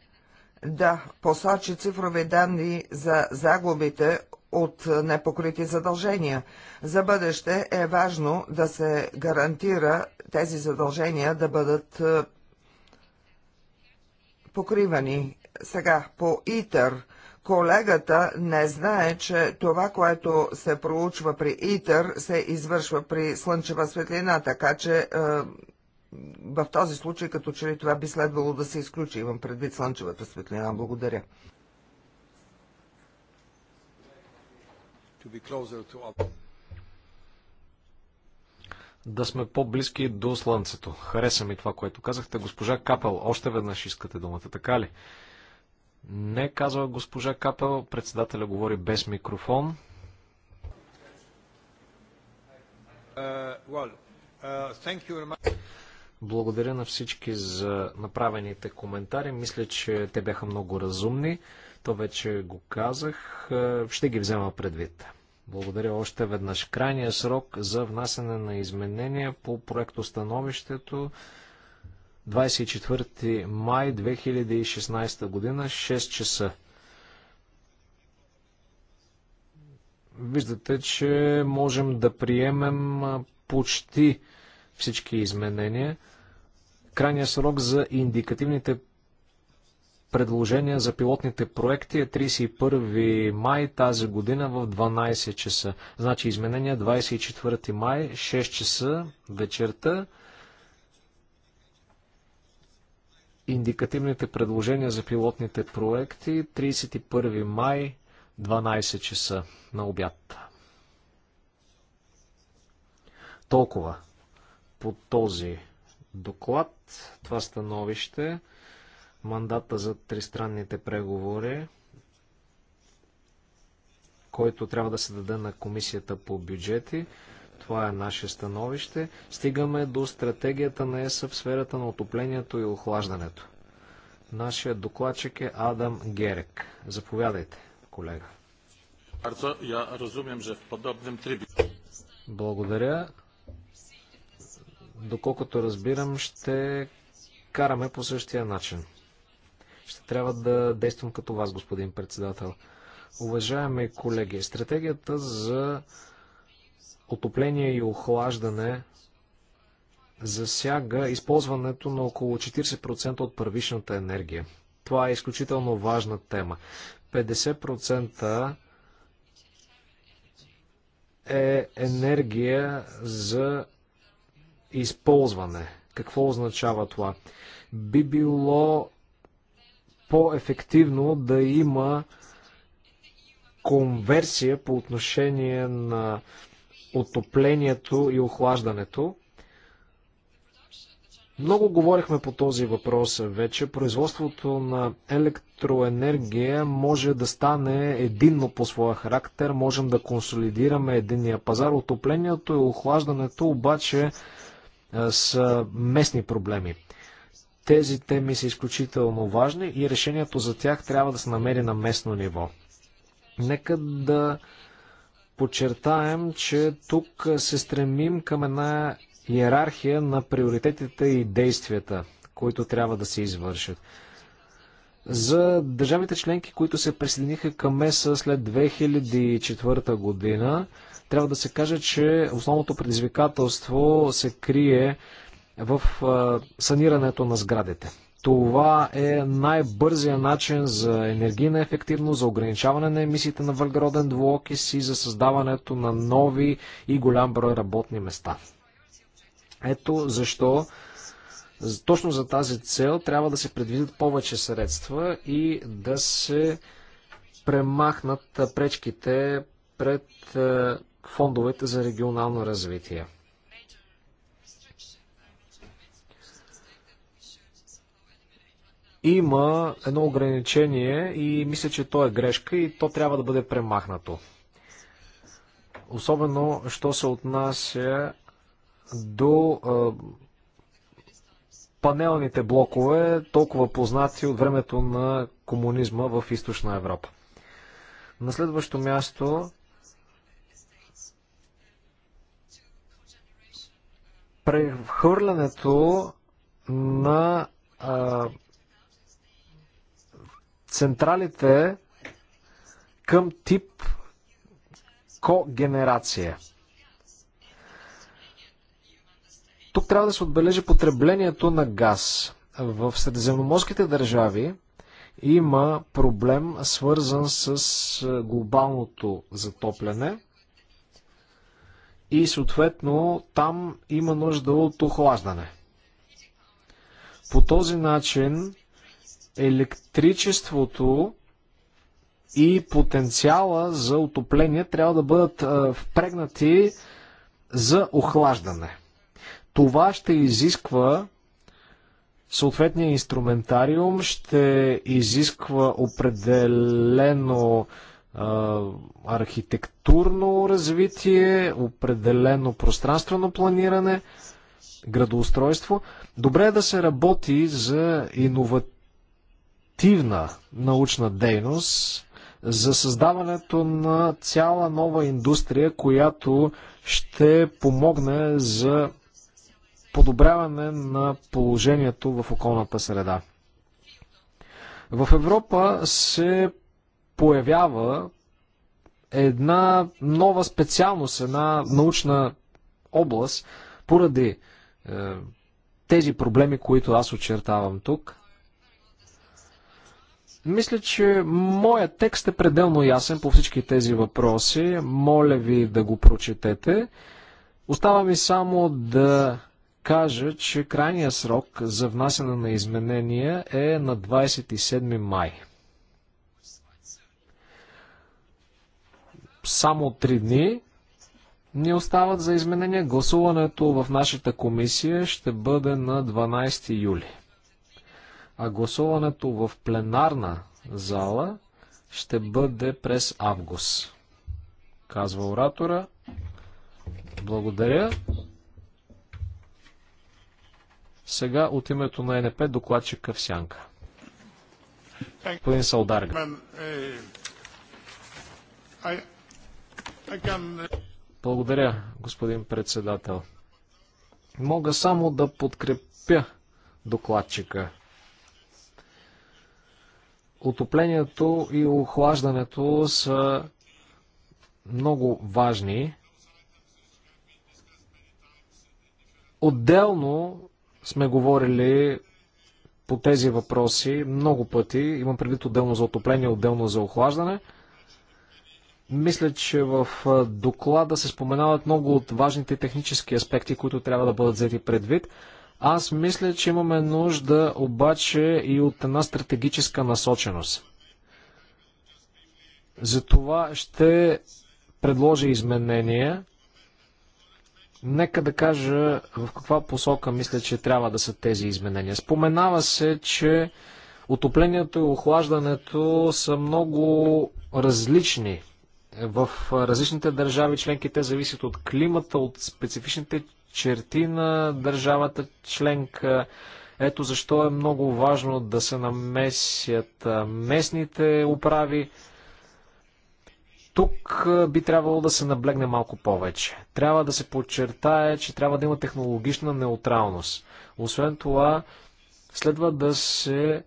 да посочи цифрови данни за загубите от непокрити задължения. За бъдеще е важно да се гарантира тези задължения да бъдат е, покривани. Сега по ИТЕР. Колегата не знае, че това, което се проучва при ИТЕР, се извършва при слънчева светлина, така че е, в този случай, като че ли това би следвало да се изключи. Имам предвид слънчевата светлина. Благодаря. Да сме по-близки до слънцето. Хареса ми това, което казахте. Госпожа Капел, още веднъж искате думата, така ли? Не, казва госпожа Капел. Председателя говори без микрофон. Uh, well, uh, благодаря на всички за направените коментари. Мисля, че те бяха много разумни. То вече го казах. Е, ще ги взема предвид. Благодаря още веднъж. Крайният срок за внасяне на изменения по проектостановището 24 май 2016 година, 6 часа. Виждате, че можем да приемем почти всички изменения. Крайният срок за индикативните предложения за пилотните проекти е 31 май тази година в 12 часа. Значи изменения 24 май, 6 часа вечерта. Индикативните предложения за пилотните проекти 31 май, 12 часа на обяд. Толкова по този доклад, това становище, мандата за тристранните преговори, който трябва да се даде на комисията по бюджети. Това е наше становище. Стигаме до стратегията на ЕСА в сферата на отоплението и охлаждането. Нашият докладчик е Адам Герек. Заповядайте, колега. Благодаря доколкото разбирам, ще караме по същия начин. Ще трябва да действам като вас, господин председател. Уважаеми колеги, стратегията за отопление и охлаждане засяга използването на около 40% от първичната енергия. Това е изключително важна тема. 50% е енергия за използване. Какво означава това? Би било по-ефективно да има конверсия по отношение на отоплението и охлаждането. Много говорихме по този въпрос вече. Производството на електроенергия може да стане единно по своя характер. Можем да консолидираме единния пазар. Отоплението и охлаждането обаче са местни проблеми. Тези теми са изключително важни и решението за тях трябва да се намери на местно ниво. Нека да подчертаем, че тук се стремим към една иерархия на приоритетите и действията, които трябва да се извършат. За държавите членки, които се присъединиха към МЕСА след 2004 година, трябва да се каже, че основното предизвикателство се крие в санирането на сградите. Това е най-бързия начин за енергийна ефективност, за ограничаване на емисиите на въглероден двуокис и за създаването на нови и голям брой работни места. Ето защо точно за тази цел трябва да се предвидят повече средства и да се премахнат пречките пред фондовете за регионално развитие. Има едно ограничение и мисля, че то е грешка и то трябва да бъде премахнато. Особено, що се отнася до панелните блокове, толкова познати от времето на комунизма в източна Европа. На следващо място прехвърлянето на а, централите към тип когенерация. Тук трябва да се отбележи потреблението на газ. В средиземноморските държави има проблем свързан с глобалното затопляне – и съответно там има нужда от охлаждане. По този начин електричеството и потенциала за отопление трябва да бъдат впрегнати за охлаждане. Това ще изисква съответния инструментариум, ще изисква определено архитектурно развитие, определено пространствено планиране, градоустройство. Добре е да се работи за иновативна научна дейност, за създаването на цяла нова индустрия, която ще помогне за подобряване на положението в околната среда. В Европа се появява една нова специалност, една научна област, поради е, тези проблеми, които аз очертавам тук. Мисля, че моят текст е пределно ясен по всички тези въпроси. Моля ви да го прочетете. Остава ми само да кажа, че крайният срок за внасяне на изменения е на 27 май. само три дни ни остават за изменение. Гласуването в нашата комисия ще бъде на 12 юли. А гласуването в пленарна зала ще бъде през август. Казва оратора. Благодаря. Сега от името на НП докладчика Къвсянка. Господин Салдарга. Благодаря, господин председател. Мога само да подкрепя докладчика. Отоплението и охлаждането са много важни. Отделно сме говорили по тези въпроси много пъти. Имам предвид отделно за отопление, отделно за охлаждане – мисля, че в доклада се споменават много от важните технически аспекти, които трябва да бъдат взети предвид. Аз мисля, че имаме нужда обаче и от една стратегическа насоченост. Затова ще предложа изменения. Нека да кажа в каква посока мисля, че трябва да са тези изменения. Споменава се, че отоплението и охлаждането са много различни в различните държави членки те зависят от климата, от специфичните черти на държавата членка. Ето защо е много важно да се намесят местните управи. Тук би трябвало да се наблегне малко повече. Трябва да се подчертае, че трябва да има технологична неутралност. Освен това, следва да се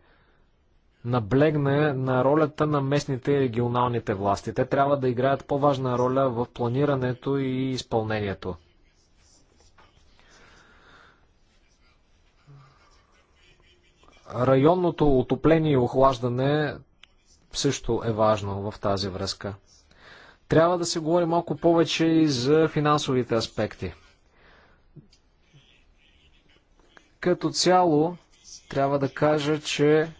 наблегне на ролята на местните и регионалните власти. Те трябва да играят по-важна роля в планирането и изпълнението. Районното отопление и охлаждане също е важно в тази връзка. Трябва да се говори малко повече и за финансовите аспекти. Като цяло, трябва да кажа, че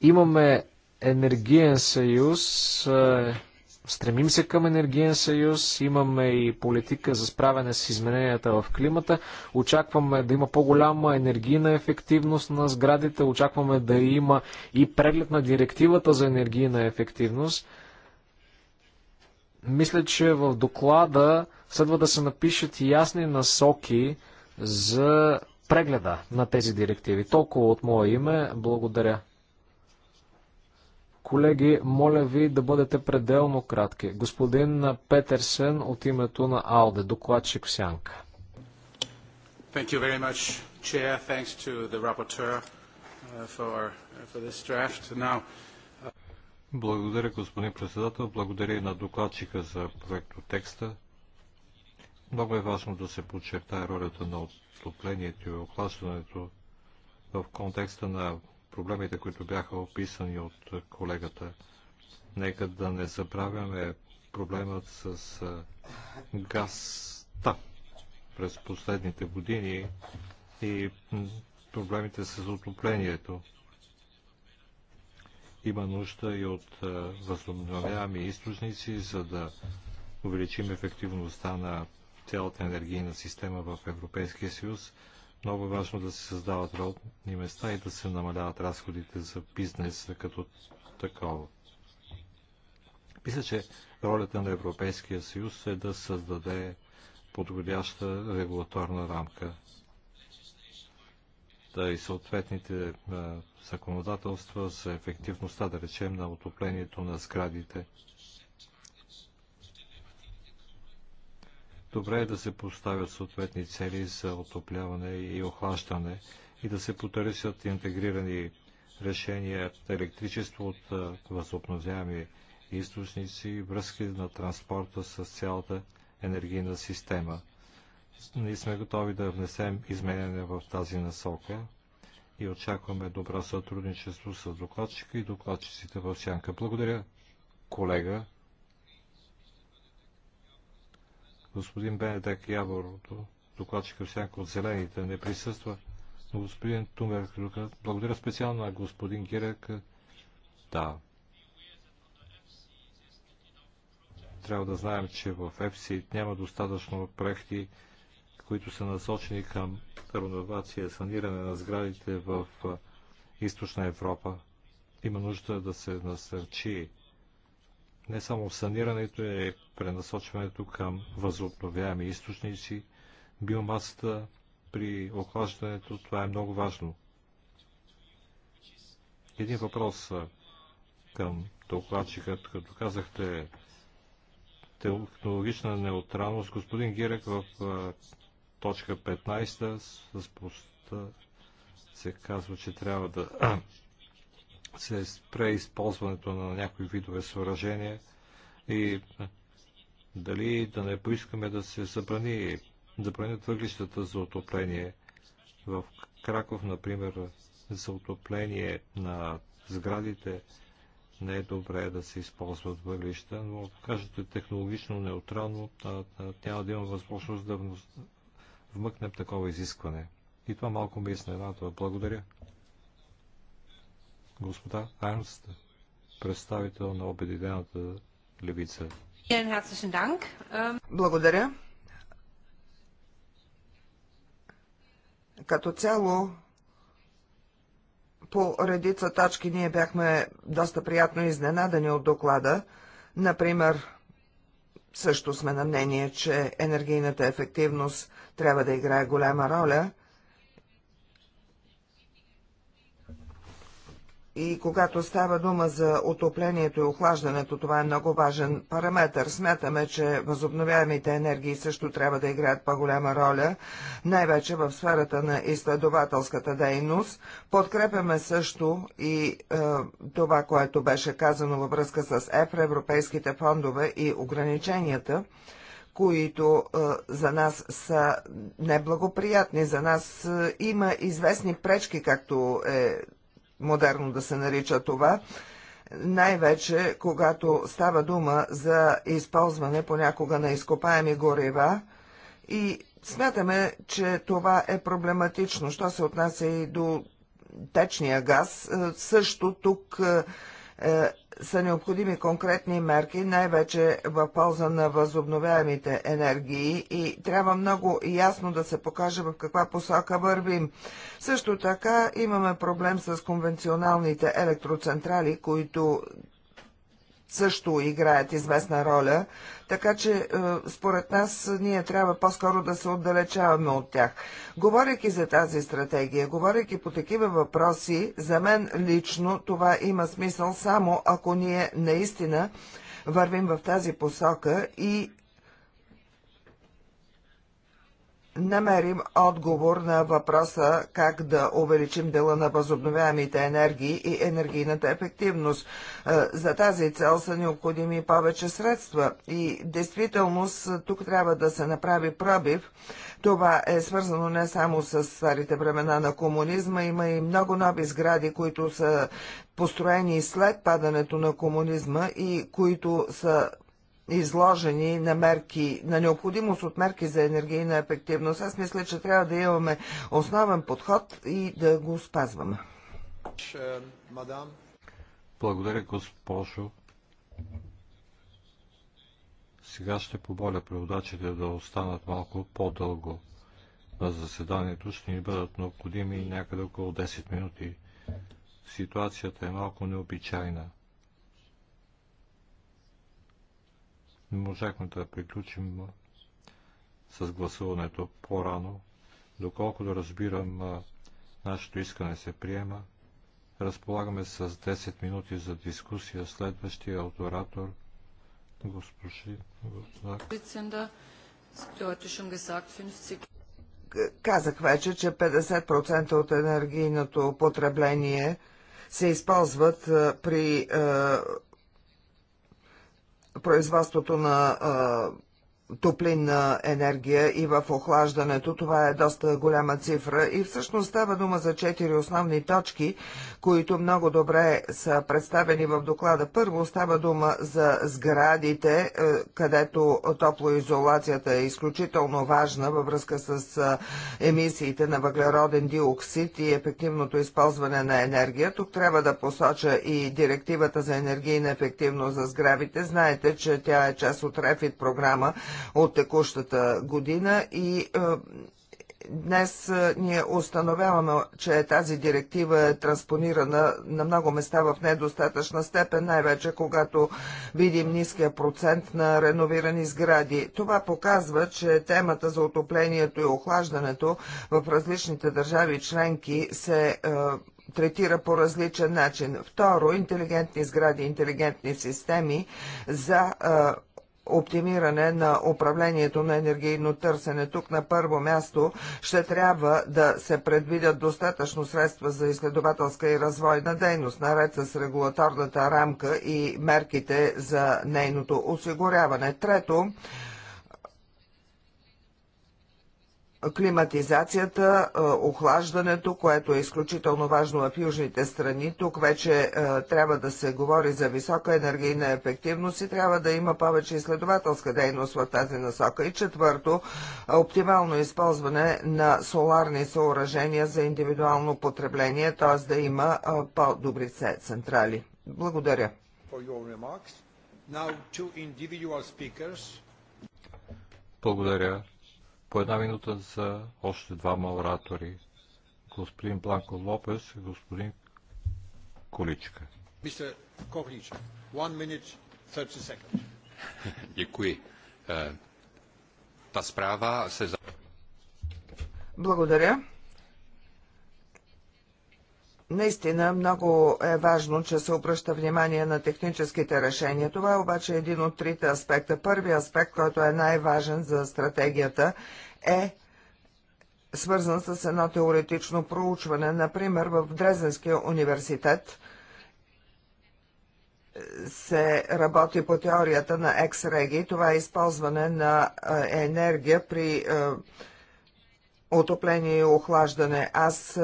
Имаме енергиен съюз, е, стремим се към енергиен съюз, имаме и политика за справяне с измененията в климата, очакваме да има по-голяма енергийна ефективност на сградите, очакваме да има и преглед на директивата за енергийна ефективност. Мисля, че в доклада следва да се напишат и ясни насоки за прегледа на тези директиви. Толкова от мое име. Благодаря. Колеги, моля ви да бъдете пределно кратки. Господин Петерсен от името на АЛДЕ, докладчик в Сянка. Thank you very much, Chair. Thanks to the rapporteur uh, for, uh, for this draft. Now, uh, благодаря, господин председател. Благодаря и на докладчика за проекто текста. Много е важно да се подчертае ролята на отоплението и охлаждането в контекста на проблемите, които бяха описани от колегата. Нека да не забравяме проблемът с газта през последните години и проблемите с отоплението. Има нужда и от възобновяеми източници, за да увеличим ефективността на цялата енергийна система в Европейския съюз. Много е важно да се създават работни места и да се намаляват разходите за бизнеса като такова. Мисля, че ролята на Европейския съюз е да създаде подходяща регулаторна рамка да и съответните законодателства за ефективността, да речем, на отоплението на сградите – Добре е да се поставят съответни цели за отопляване и охлаждане и да се потърсят интегрирани решения електричество от възобновяеми източници и връзки на транспорта с цялата енергийна система. Ние сме готови да внесем изменения в тази насока и очакваме добро сътрудничество с докладчика и докладчиците в Сянка. Благодаря, колега. Господин Бенедек Явор, докладчика Русянко от зелените, не присъства. Но господин Тумер, благодаря специално на господин Гирек. Да. Трябва да знаем, че в EFSI няма достатъчно проекти, които са насочени към реновация, саниране на сградите в източна Европа. Има нужда да се насърчи не само санирането, е пренасочването към възобновяеми източници, биомасата при охлаждането, това е много важно. Един въпрос към докладчика, като казахте технологична неутралност. Господин Гирек в точка 15 с поста се казва, че трябва да се спре използването на някои видове съоръжения и дали да не поискаме да се забрани, забранят въглищата за отопление. В Краков, например, за отопление на сградите не е добре да се използват въглища, но кажете технологично неутрално, няма да има възможност да вмъкнем такова изискване. И това малко е изненадва. Благодаря. Господа Арнст, представител на Обединената левица. Благодаря. Като цяло, по редица точки ние бяхме доста приятно изненадани от доклада. Например, също сме на мнение, че енергийната ефективност трябва да играе голяма роля И когато става дума за отоплението и охлаждането, това е много важен параметр. Смятаме, че възобновяемите енергии също трябва да играят по-голяма роля, най-вече в сферата на изследователската дейност. Подкрепяме също и е, това, което беше казано във връзка с ЕФР, европейските фондове и ограниченията които е, за нас са неблагоприятни. За нас е, има известни пречки, както е модерно да се нарича това, най-вече когато става дума за използване понякога на изкопаеми горива и смятаме, че това е проблематично, що се отнася и до течния газ. Е, също тук е, е, са необходими конкретни мерки, най-вече в полза на възобновяемите енергии и трябва много ясно да се покаже в каква посока вървим. Също така имаме проблем с конвенционалните електроцентрали, които също играят известна роля, така че е, според нас ние трябва по-скоро да се отдалечаваме от тях. Говорейки за тази стратегия, говорейки по такива въпроси, за мен лично това има смисъл само ако ние наистина вървим в тази посока и намерим отговор на въпроса как да увеличим дела на възобновяемите енергии и енергийната ефективност. Е, за тази цел са необходими повече средства и действителност тук трябва да се направи пробив. Това е свързано не само с старите времена на комунизма, има и много нови сгради, които са построени след падането на комунизма и които са изложени на мерки, на необходимост от мерки за енергийна ефективност. Аз мисля, че трябва да имаме основен подход и да го спазваме. Благодаря, госпожо. Сега ще помоля преводачите да останат малко по-дълго на заседанието. Ще ни бъдат необходими някъде около 10 минути. Ситуацията е малко необичайна. Не можахме да приключим с гласуването по-рано. Доколкото да разбирам, нашето искане се приема. Разполагаме с 10 минути за дискусия. Следващия от оратор, госпожи Казах вече, че 50% от енергийното потребление се използват при производството на топлинна енергия и в охлаждането. Това е доста голяма цифра и всъщност става дума за четири основни точки, които много добре са представени в доклада. Първо става дума за сградите, е, където топлоизолацията е изключително важна във връзка с е, емисиите на въглероден диоксид и ефективното използване на енергия. Тук трябва да посоча и директивата за енергийна ефективност за сградите. Знаете, че тя е част от Рефит програма от текущата година и е, днес е, ние установяваме, че тази директива е транспонирана на много места в недостатъчна степен, най-вече когато видим ниския процент на реновирани сгради. Това показва, че темата за отоплението и охлаждането в различните държави членки се е, третира по различен начин. Второ, интелигентни сгради, интелигентни системи за а, оптимиране на управлението на енергийно търсене. Тук на първо място ще трябва да се предвидят достатъчно средства за изследователска и развойна дейност, наред с регулаторната рамка и мерките за нейното осигуряване. Трето, климатизацията, е, охлаждането, което е изключително важно в южните страни. Тук вече е, трябва да се говори за висока енергийна ефективност и трябва да има повече изследователска дейност в тази насока. И четвърто, оптимално използване на соларни съоръжения за индивидуално потребление, т.е. да има е, по-добри централи. Благодаря. Благодаря. По една минута за още двама оратори. Господин Бланко Лопес и господин Количка. Мистер Ковлича, 1 минут 30 секунд. Та справа се за... Благодаря. Наистина много е важно, че се обръща внимание на техническите решения. Това е обаче един от трите аспекта. Първият аспект, който е най-важен за стратегията, е свързан с едно теоретично проучване. Например, в Дрезенския университет се работи по теорията на екс-реги. Това е използване на е, енергия при е, отопление и охлаждане. Аз е,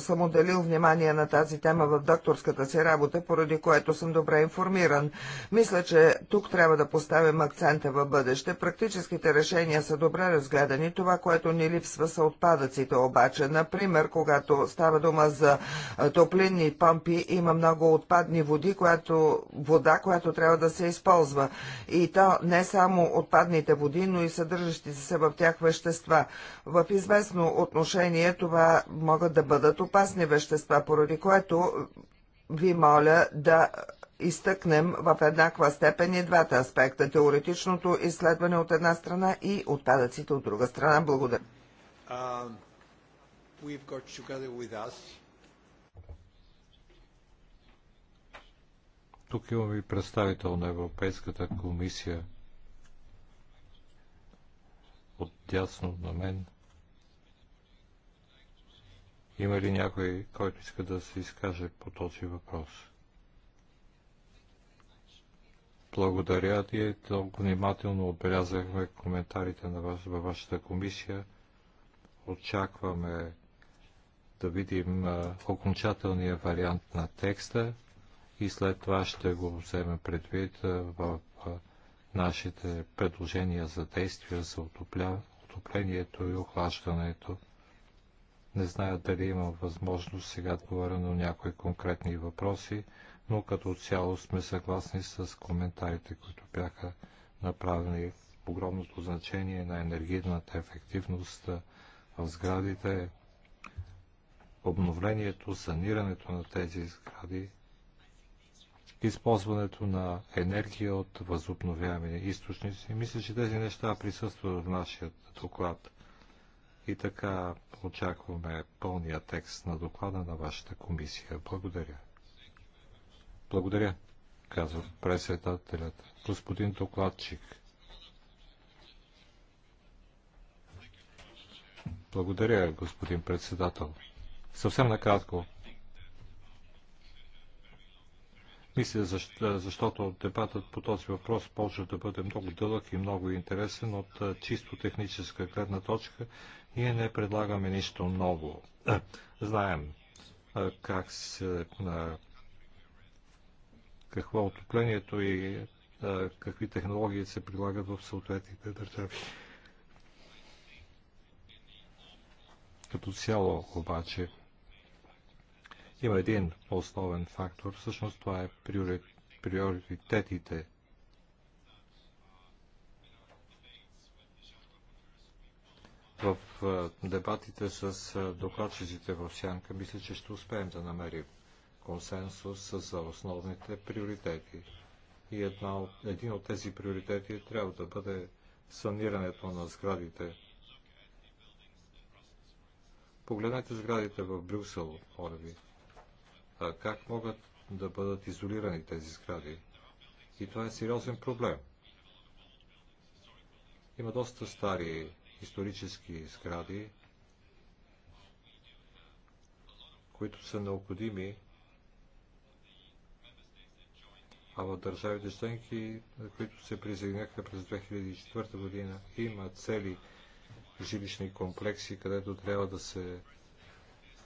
съм отделил внимание на тази тема в докторската си работа, поради което съм добре информиран. Мисля, че тук трябва да поставим акцента в бъдеще. Практическите решения са добре разгледани. Това, което ни липсва са отпадъците обаче. Например, когато става дума за топлинни помпи, има много отпадни води, която, вода, която трябва да се използва. И то не само отпадните води, но и съдържащите се в тях вещества. В известно отношение това могат да бъдат опасни вещества, поради което ви моля да изтъкнем в еднаква степен и двата аспекта – теоретичното изследване от една страна и отпадъците от друга страна. Благодаря. Uh, Тук имаме и представител на Европейската комисия от дясно на мен – има ли някой, който иска да се изкаже по този въпрос? Благодаря ти. Толкова внимателно отбелязахме коментарите на вас, във вашата комисия. Очакваме да видим окончателния вариант на текста и след това ще го вземем предвид в нашите предложения за действия за отоплението и охлаждането. Не зная дали имам възможност сега да говоря на някои конкретни въпроси, но като цяло сме съгласни с коментарите, които бяха направени. Огромното значение на енергийната ефективност в сградите, обновлението, санирането на тези сгради, използването на енергия от възобновяеми източници. Мисля, че тези неща присъстват в нашия доклад. И така очакваме пълния текст на доклада на вашата комисия. Благодаря. Благодаря, казва председателят. Господин докладчик. Благодаря, господин председател. Съвсем накратко. Мисля, защо, защото дебатът по този въпрос може да бъде много дълъг и много интересен от чисто техническа гледна точка ние не предлагаме нищо ново. Е, знаем е, как се какво е отоплението и е, какви технологии се прилагат в съответните държави. Като цяло обаче има един основен фактор, всъщност това е приоритетите в дебатите с докладчиците в Сянка, мисля, че ще успеем да намерим консенсус за основните приоритети. И една от, един от тези приоритети трябва да бъде санирането на сградите. Погледнете сградите в Брюксел, Орви. ви. А как могат да бъдат изолирани тези сгради? И това е сериозен проблем. Има доста стари исторически сгради, които са необходими, а в държавите членки, които се присъединяха през 2004 година, има цели жилищни комплекси, където трябва да се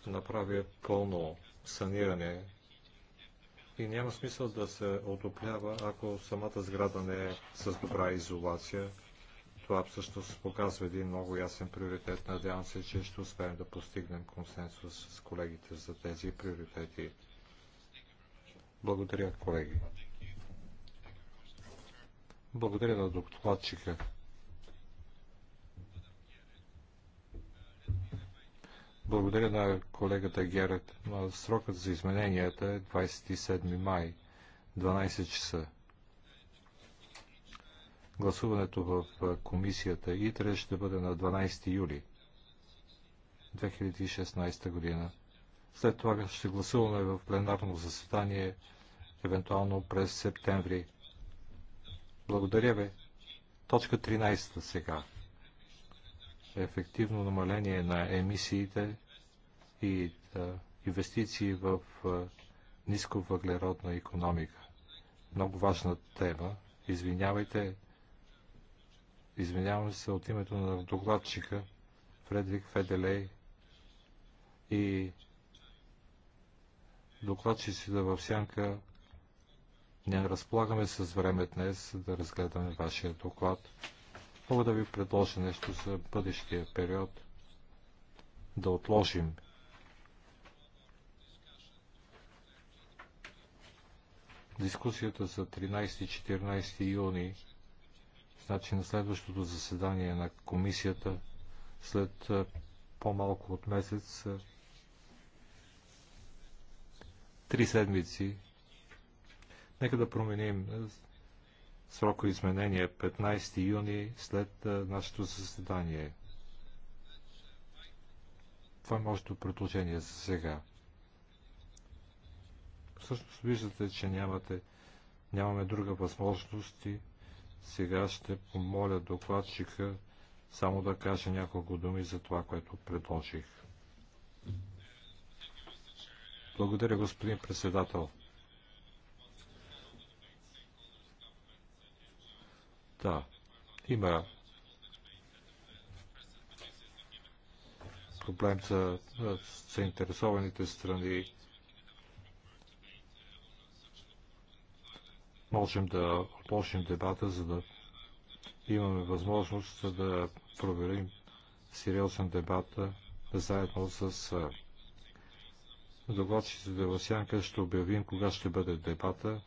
направи пълно саниране и няма смисъл да се отоплява, ако самата сграда не е с добра изолация това всъщност показва един много ясен приоритет. Надявам се, че ще успеем да постигнем консенсус с колегите за тези приоритети. Благодаря, колеги. Благодаря на докладчика. Благодаря на колегата Герет. Срокът за измененията е 27 май, 12 часа. Гласуването в комисията ИТРЕ ще бъде на 12 юли 2016 година. След това ще гласуваме в пленарно заседание, евентуално през септември. Благодаря ви. Точка 13 сега. Ефективно намаление на емисиите и да, инвестиции в нисковъглеродна економика. Много важна тема. Извинявайте, Извинявам се от името на докладчика Фредрик Феделей и докладчиците в сянка не разполагаме с време днес да разгледаме вашия доклад. Мога да ви предложа нещо за бъдещия период. Да отложим дискусията за 13-14 юни Значи на следващото заседание на комисията след по-малко от месец три седмици. Нека да променим срока изменение 15 юни след нашето заседание. Това е моето предложение за сега. Всъщност виждате, че нямате, нямаме друга възможност и. Сега ще помоля докладчика само да каже няколко думи за това, което предложих. Благодаря, господин председател. Да, има проблем за заинтересованите страни. Можем да започнем дебата, за да имаме възможност да проверим сериозен дебат заедно с докладчиците в сянка. Ще обявим кога ще бъде дебата.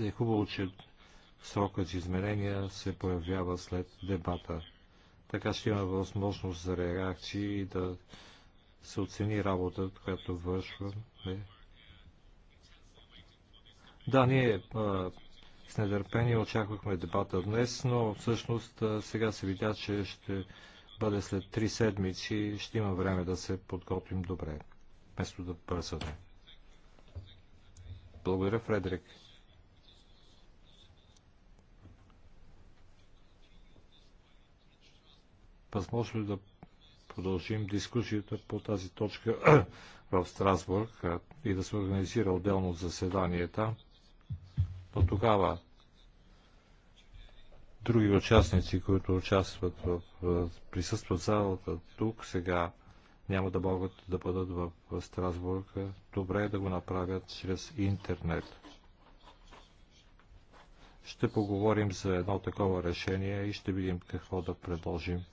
И е хубаво, че срокът за изменения се появява след дебата. Така ще има възможност за реакции и да се оцени работата, която вършваме. Да, ние а, с нетърпение очаквахме дебата днес, но всъщност сега се видя, че ще бъде след три седмици, и ще има време да се подготвим добре, вместо да бързаме. Благодаря, Фредерик. Възможно ли да продължим дискусията по тази точка в Страсбург и да се организира отделно заседание там? Но тогава други участници, които участват в, присъстват в залата тук, сега няма да могат да бъдат в Страсбург. Добре е да го направят чрез интернет. Ще поговорим за едно такова решение и ще видим какво да предложим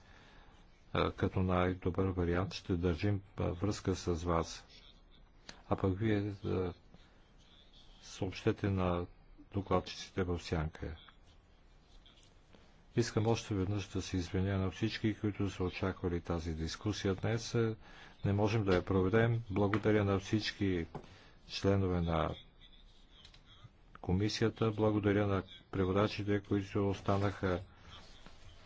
като най-добър вариант. Ще държим връзка с вас. А пък вие да съобщете на докладчиците в сянка. Искам още веднъж да се извиня на всички, които са очаквали тази дискусия днес. Не можем да я проведем. Благодаря на всички членове на комисията. Благодаря на преводачите, които останаха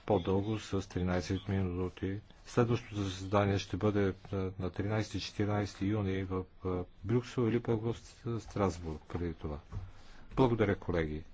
по-дълго с 13 минути. Следващото заседание ще бъде на 13-14 юни в Брюксел или пък в Страсбург преди това. Благодаря, колеги.